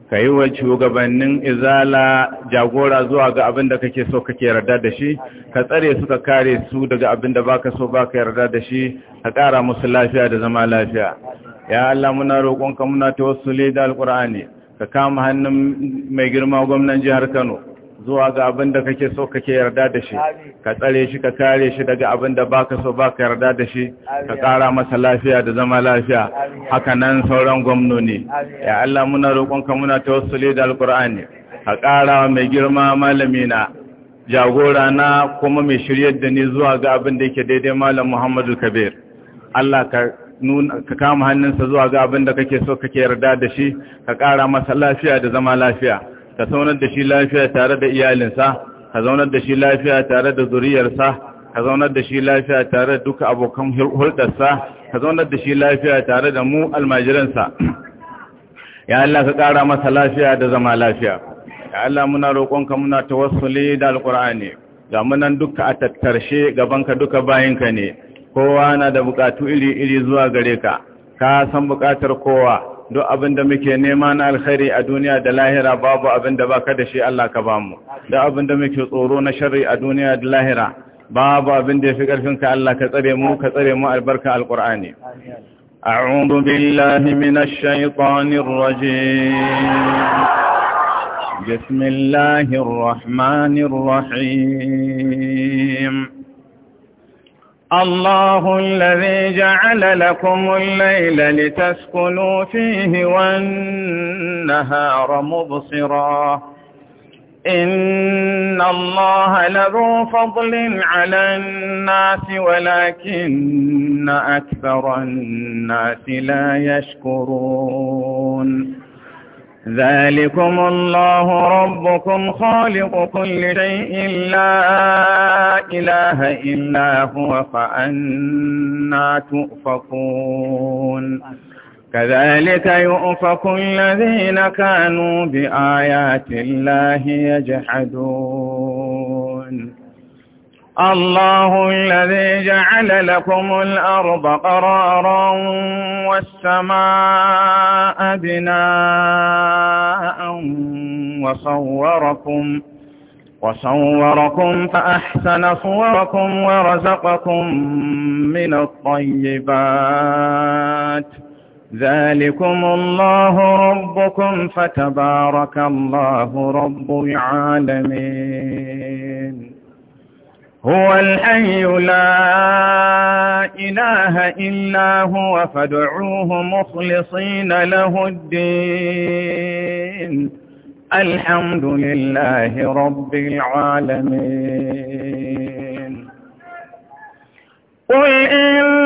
ka yi wa shugabannin izala jagora zuwa ga abin da kake so kake yarda da shi ka tsare su ka kare su daga abin da baka so baka yarda da shi ka ƙara musu lafiya da zama lafiya ya Allah muna roƙonka muna tawassuli da alqur'ani ka kama hannun mai girma gwamnan jihar Kano zuwa ga abin da kake so kake yarda da shi ka tsare shi ka kare shi daga abin da baka so baka yarda da shi ka kara masa lafiya da zama lafiya haka nan sauran gwamnoni ya Allah muna roƙonka muna tawassuli da alqur'ani ka kara mai girma malami na jagora na kuma mai shiryar da ni zuwa ga abin da yake daidai malam Muhammadu Kabir Allah ka ka kama hannunsa zuwa ga abin da kake so kake yarda da shi ka ƙara masa lafiya da zama lafiya ka zaunar da shi lafiya tare da iyalinsa ka zaunar da shi lafiya tare da zuriyarsa ka zaunar da shi lafiya tare da duka abokan hulɗarsa ka zaunar da shi lafiya tare da mu almajiransa ya Allah ka ƙara masa lafiya da zama lafiya ya Allah muna roƙonka muna tawassuli da alƙur'ani ga munan duka a tattarshe gabanka duka bayinka ne kowa na da bukatu iri-iri zuwa gare ka ka san bukatar kowa duk abin da muke nema na alkhairi a duniya da lahira babu abin da baka da shi Allah ka bamu duk abin da muke tsoro na sharri a duniya da lahira babu abin da yafi karfin ka Allah ka tsare mu ka tsare mu albarka alqur'ani a'udhu billahi minash shaitanir rajim بسم الله الرحمن الرحيم الله الذي جعل لكم الليل لتسكنوا فيه والنهار مبصرا إن الله لذو فضل على الناس ولكن أكثر الناس لا يشكرون ذلكم الله ربكم خالق كل شيء لا إله إلا هو فأنا تؤفكون كذلك يؤفك الذين كانوا بآيات الله يجحدون الله الذي جعل لكم الأرض قرارا والسماء بناء وصوركم وصوركم فأحسن صوركم ورزقكم من الطيبات ذلكم الله ربكم فتبارك الله رب العالمين هو الحي لا إله إلا هو فادعوه مخلصين له الدين الحمد لله رب العالمين قل إن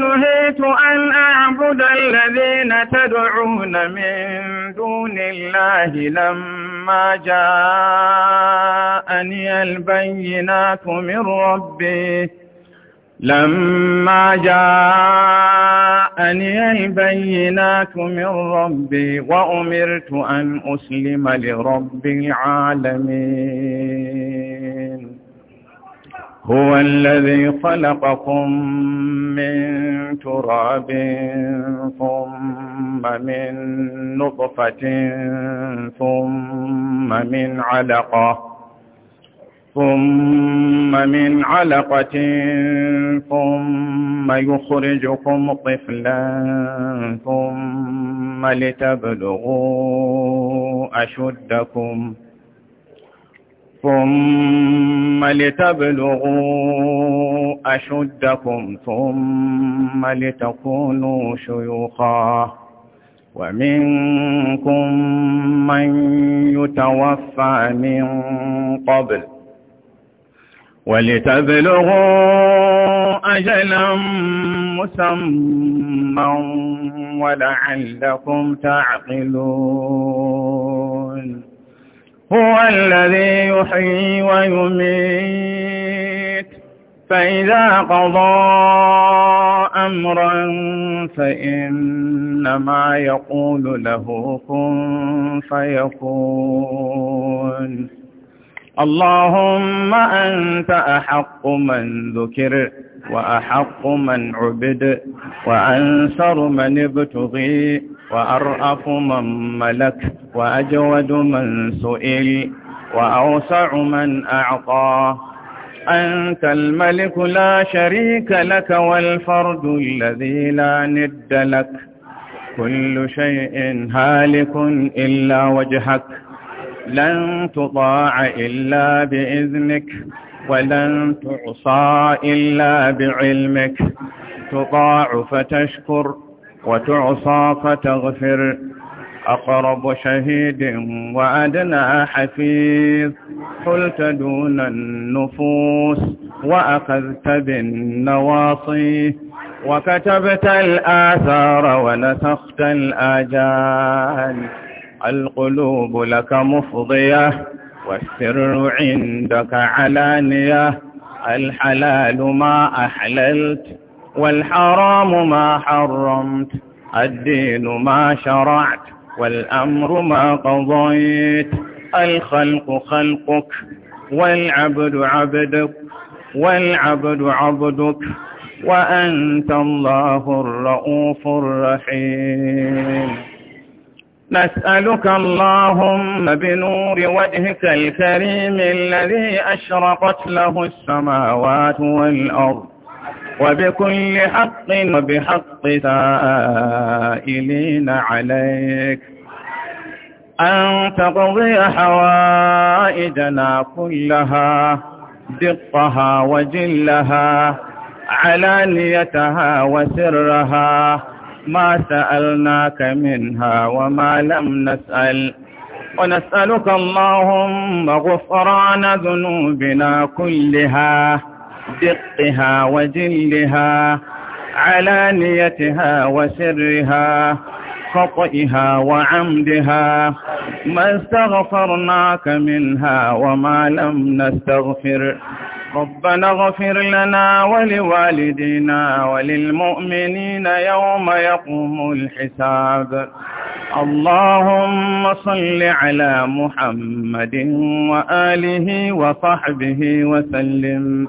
نهيت أن أعبد الذين تدعون من دون الله لما جاءني البينات من ربي لما جاءني البينات من ربي وأمرت أن أسلم لرب العالمين هو الذي خلقكم من تراب ثم من نطفة ثم من علقة ثم من علقة ثم يخرجكم طفلا ثم لتبلغوا أشدكم ۖ ثم لتبلغوا أشدكم ثم لتكونوا شيوخا ومنكم من يتوفى من قبل ولتبلغوا أجلا مسمى ولعلكم تعقلون هو الذي يحيي ويميت فإذا قضى أمرا فإنما يقول له كن فيكون اللهم أنت أحق من ذكر وأحق من عبد وأنصر من ابتغي وأرأف من ملك وأجود من سئل وأوسع من أعطى أنت الملك لا شريك لك والفرد الذي لا ند لك كل شيء هالك إلا وجهك لن تطاع إلا بإذنك ولن تعصى إلا بعلمك تطاع فتشكر وتعصى فتغفر أقرب شهيد وأدنى حفيظ حلت دون النفوس وأخذت بالنواصي وكتبت الآثار ونسخت الآجال القلوب لك مفضية والسر عندك علانية الحلال ما أحللت والحرام ما حرمت الدين ما شرعت والأمر ما قضيت الخلق خلقك والعبد عبدك والعبد عبدك وأنت الله الرؤوف الرحيم نسألك اللهم بنور وجهك الكريم الذي أشرقت له السماوات والأرض وبكل حق وبحق سائلين عليك أن تقضي حوائجنا كلها دقها وجلها علانيتها وسرها ما سألناك منها وما لم نسأل ونسألك اللهم غفران ذنوبنا كلها دقها وجلها علانيتها وسرها خطئها وعمدها ما استغفرناك منها وما لم نستغفر ربنا اغفر لنا ولوالدينا وللمؤمنين يوم يقوم الحساب اللهم صل على محمد وآله وصحبه وسلم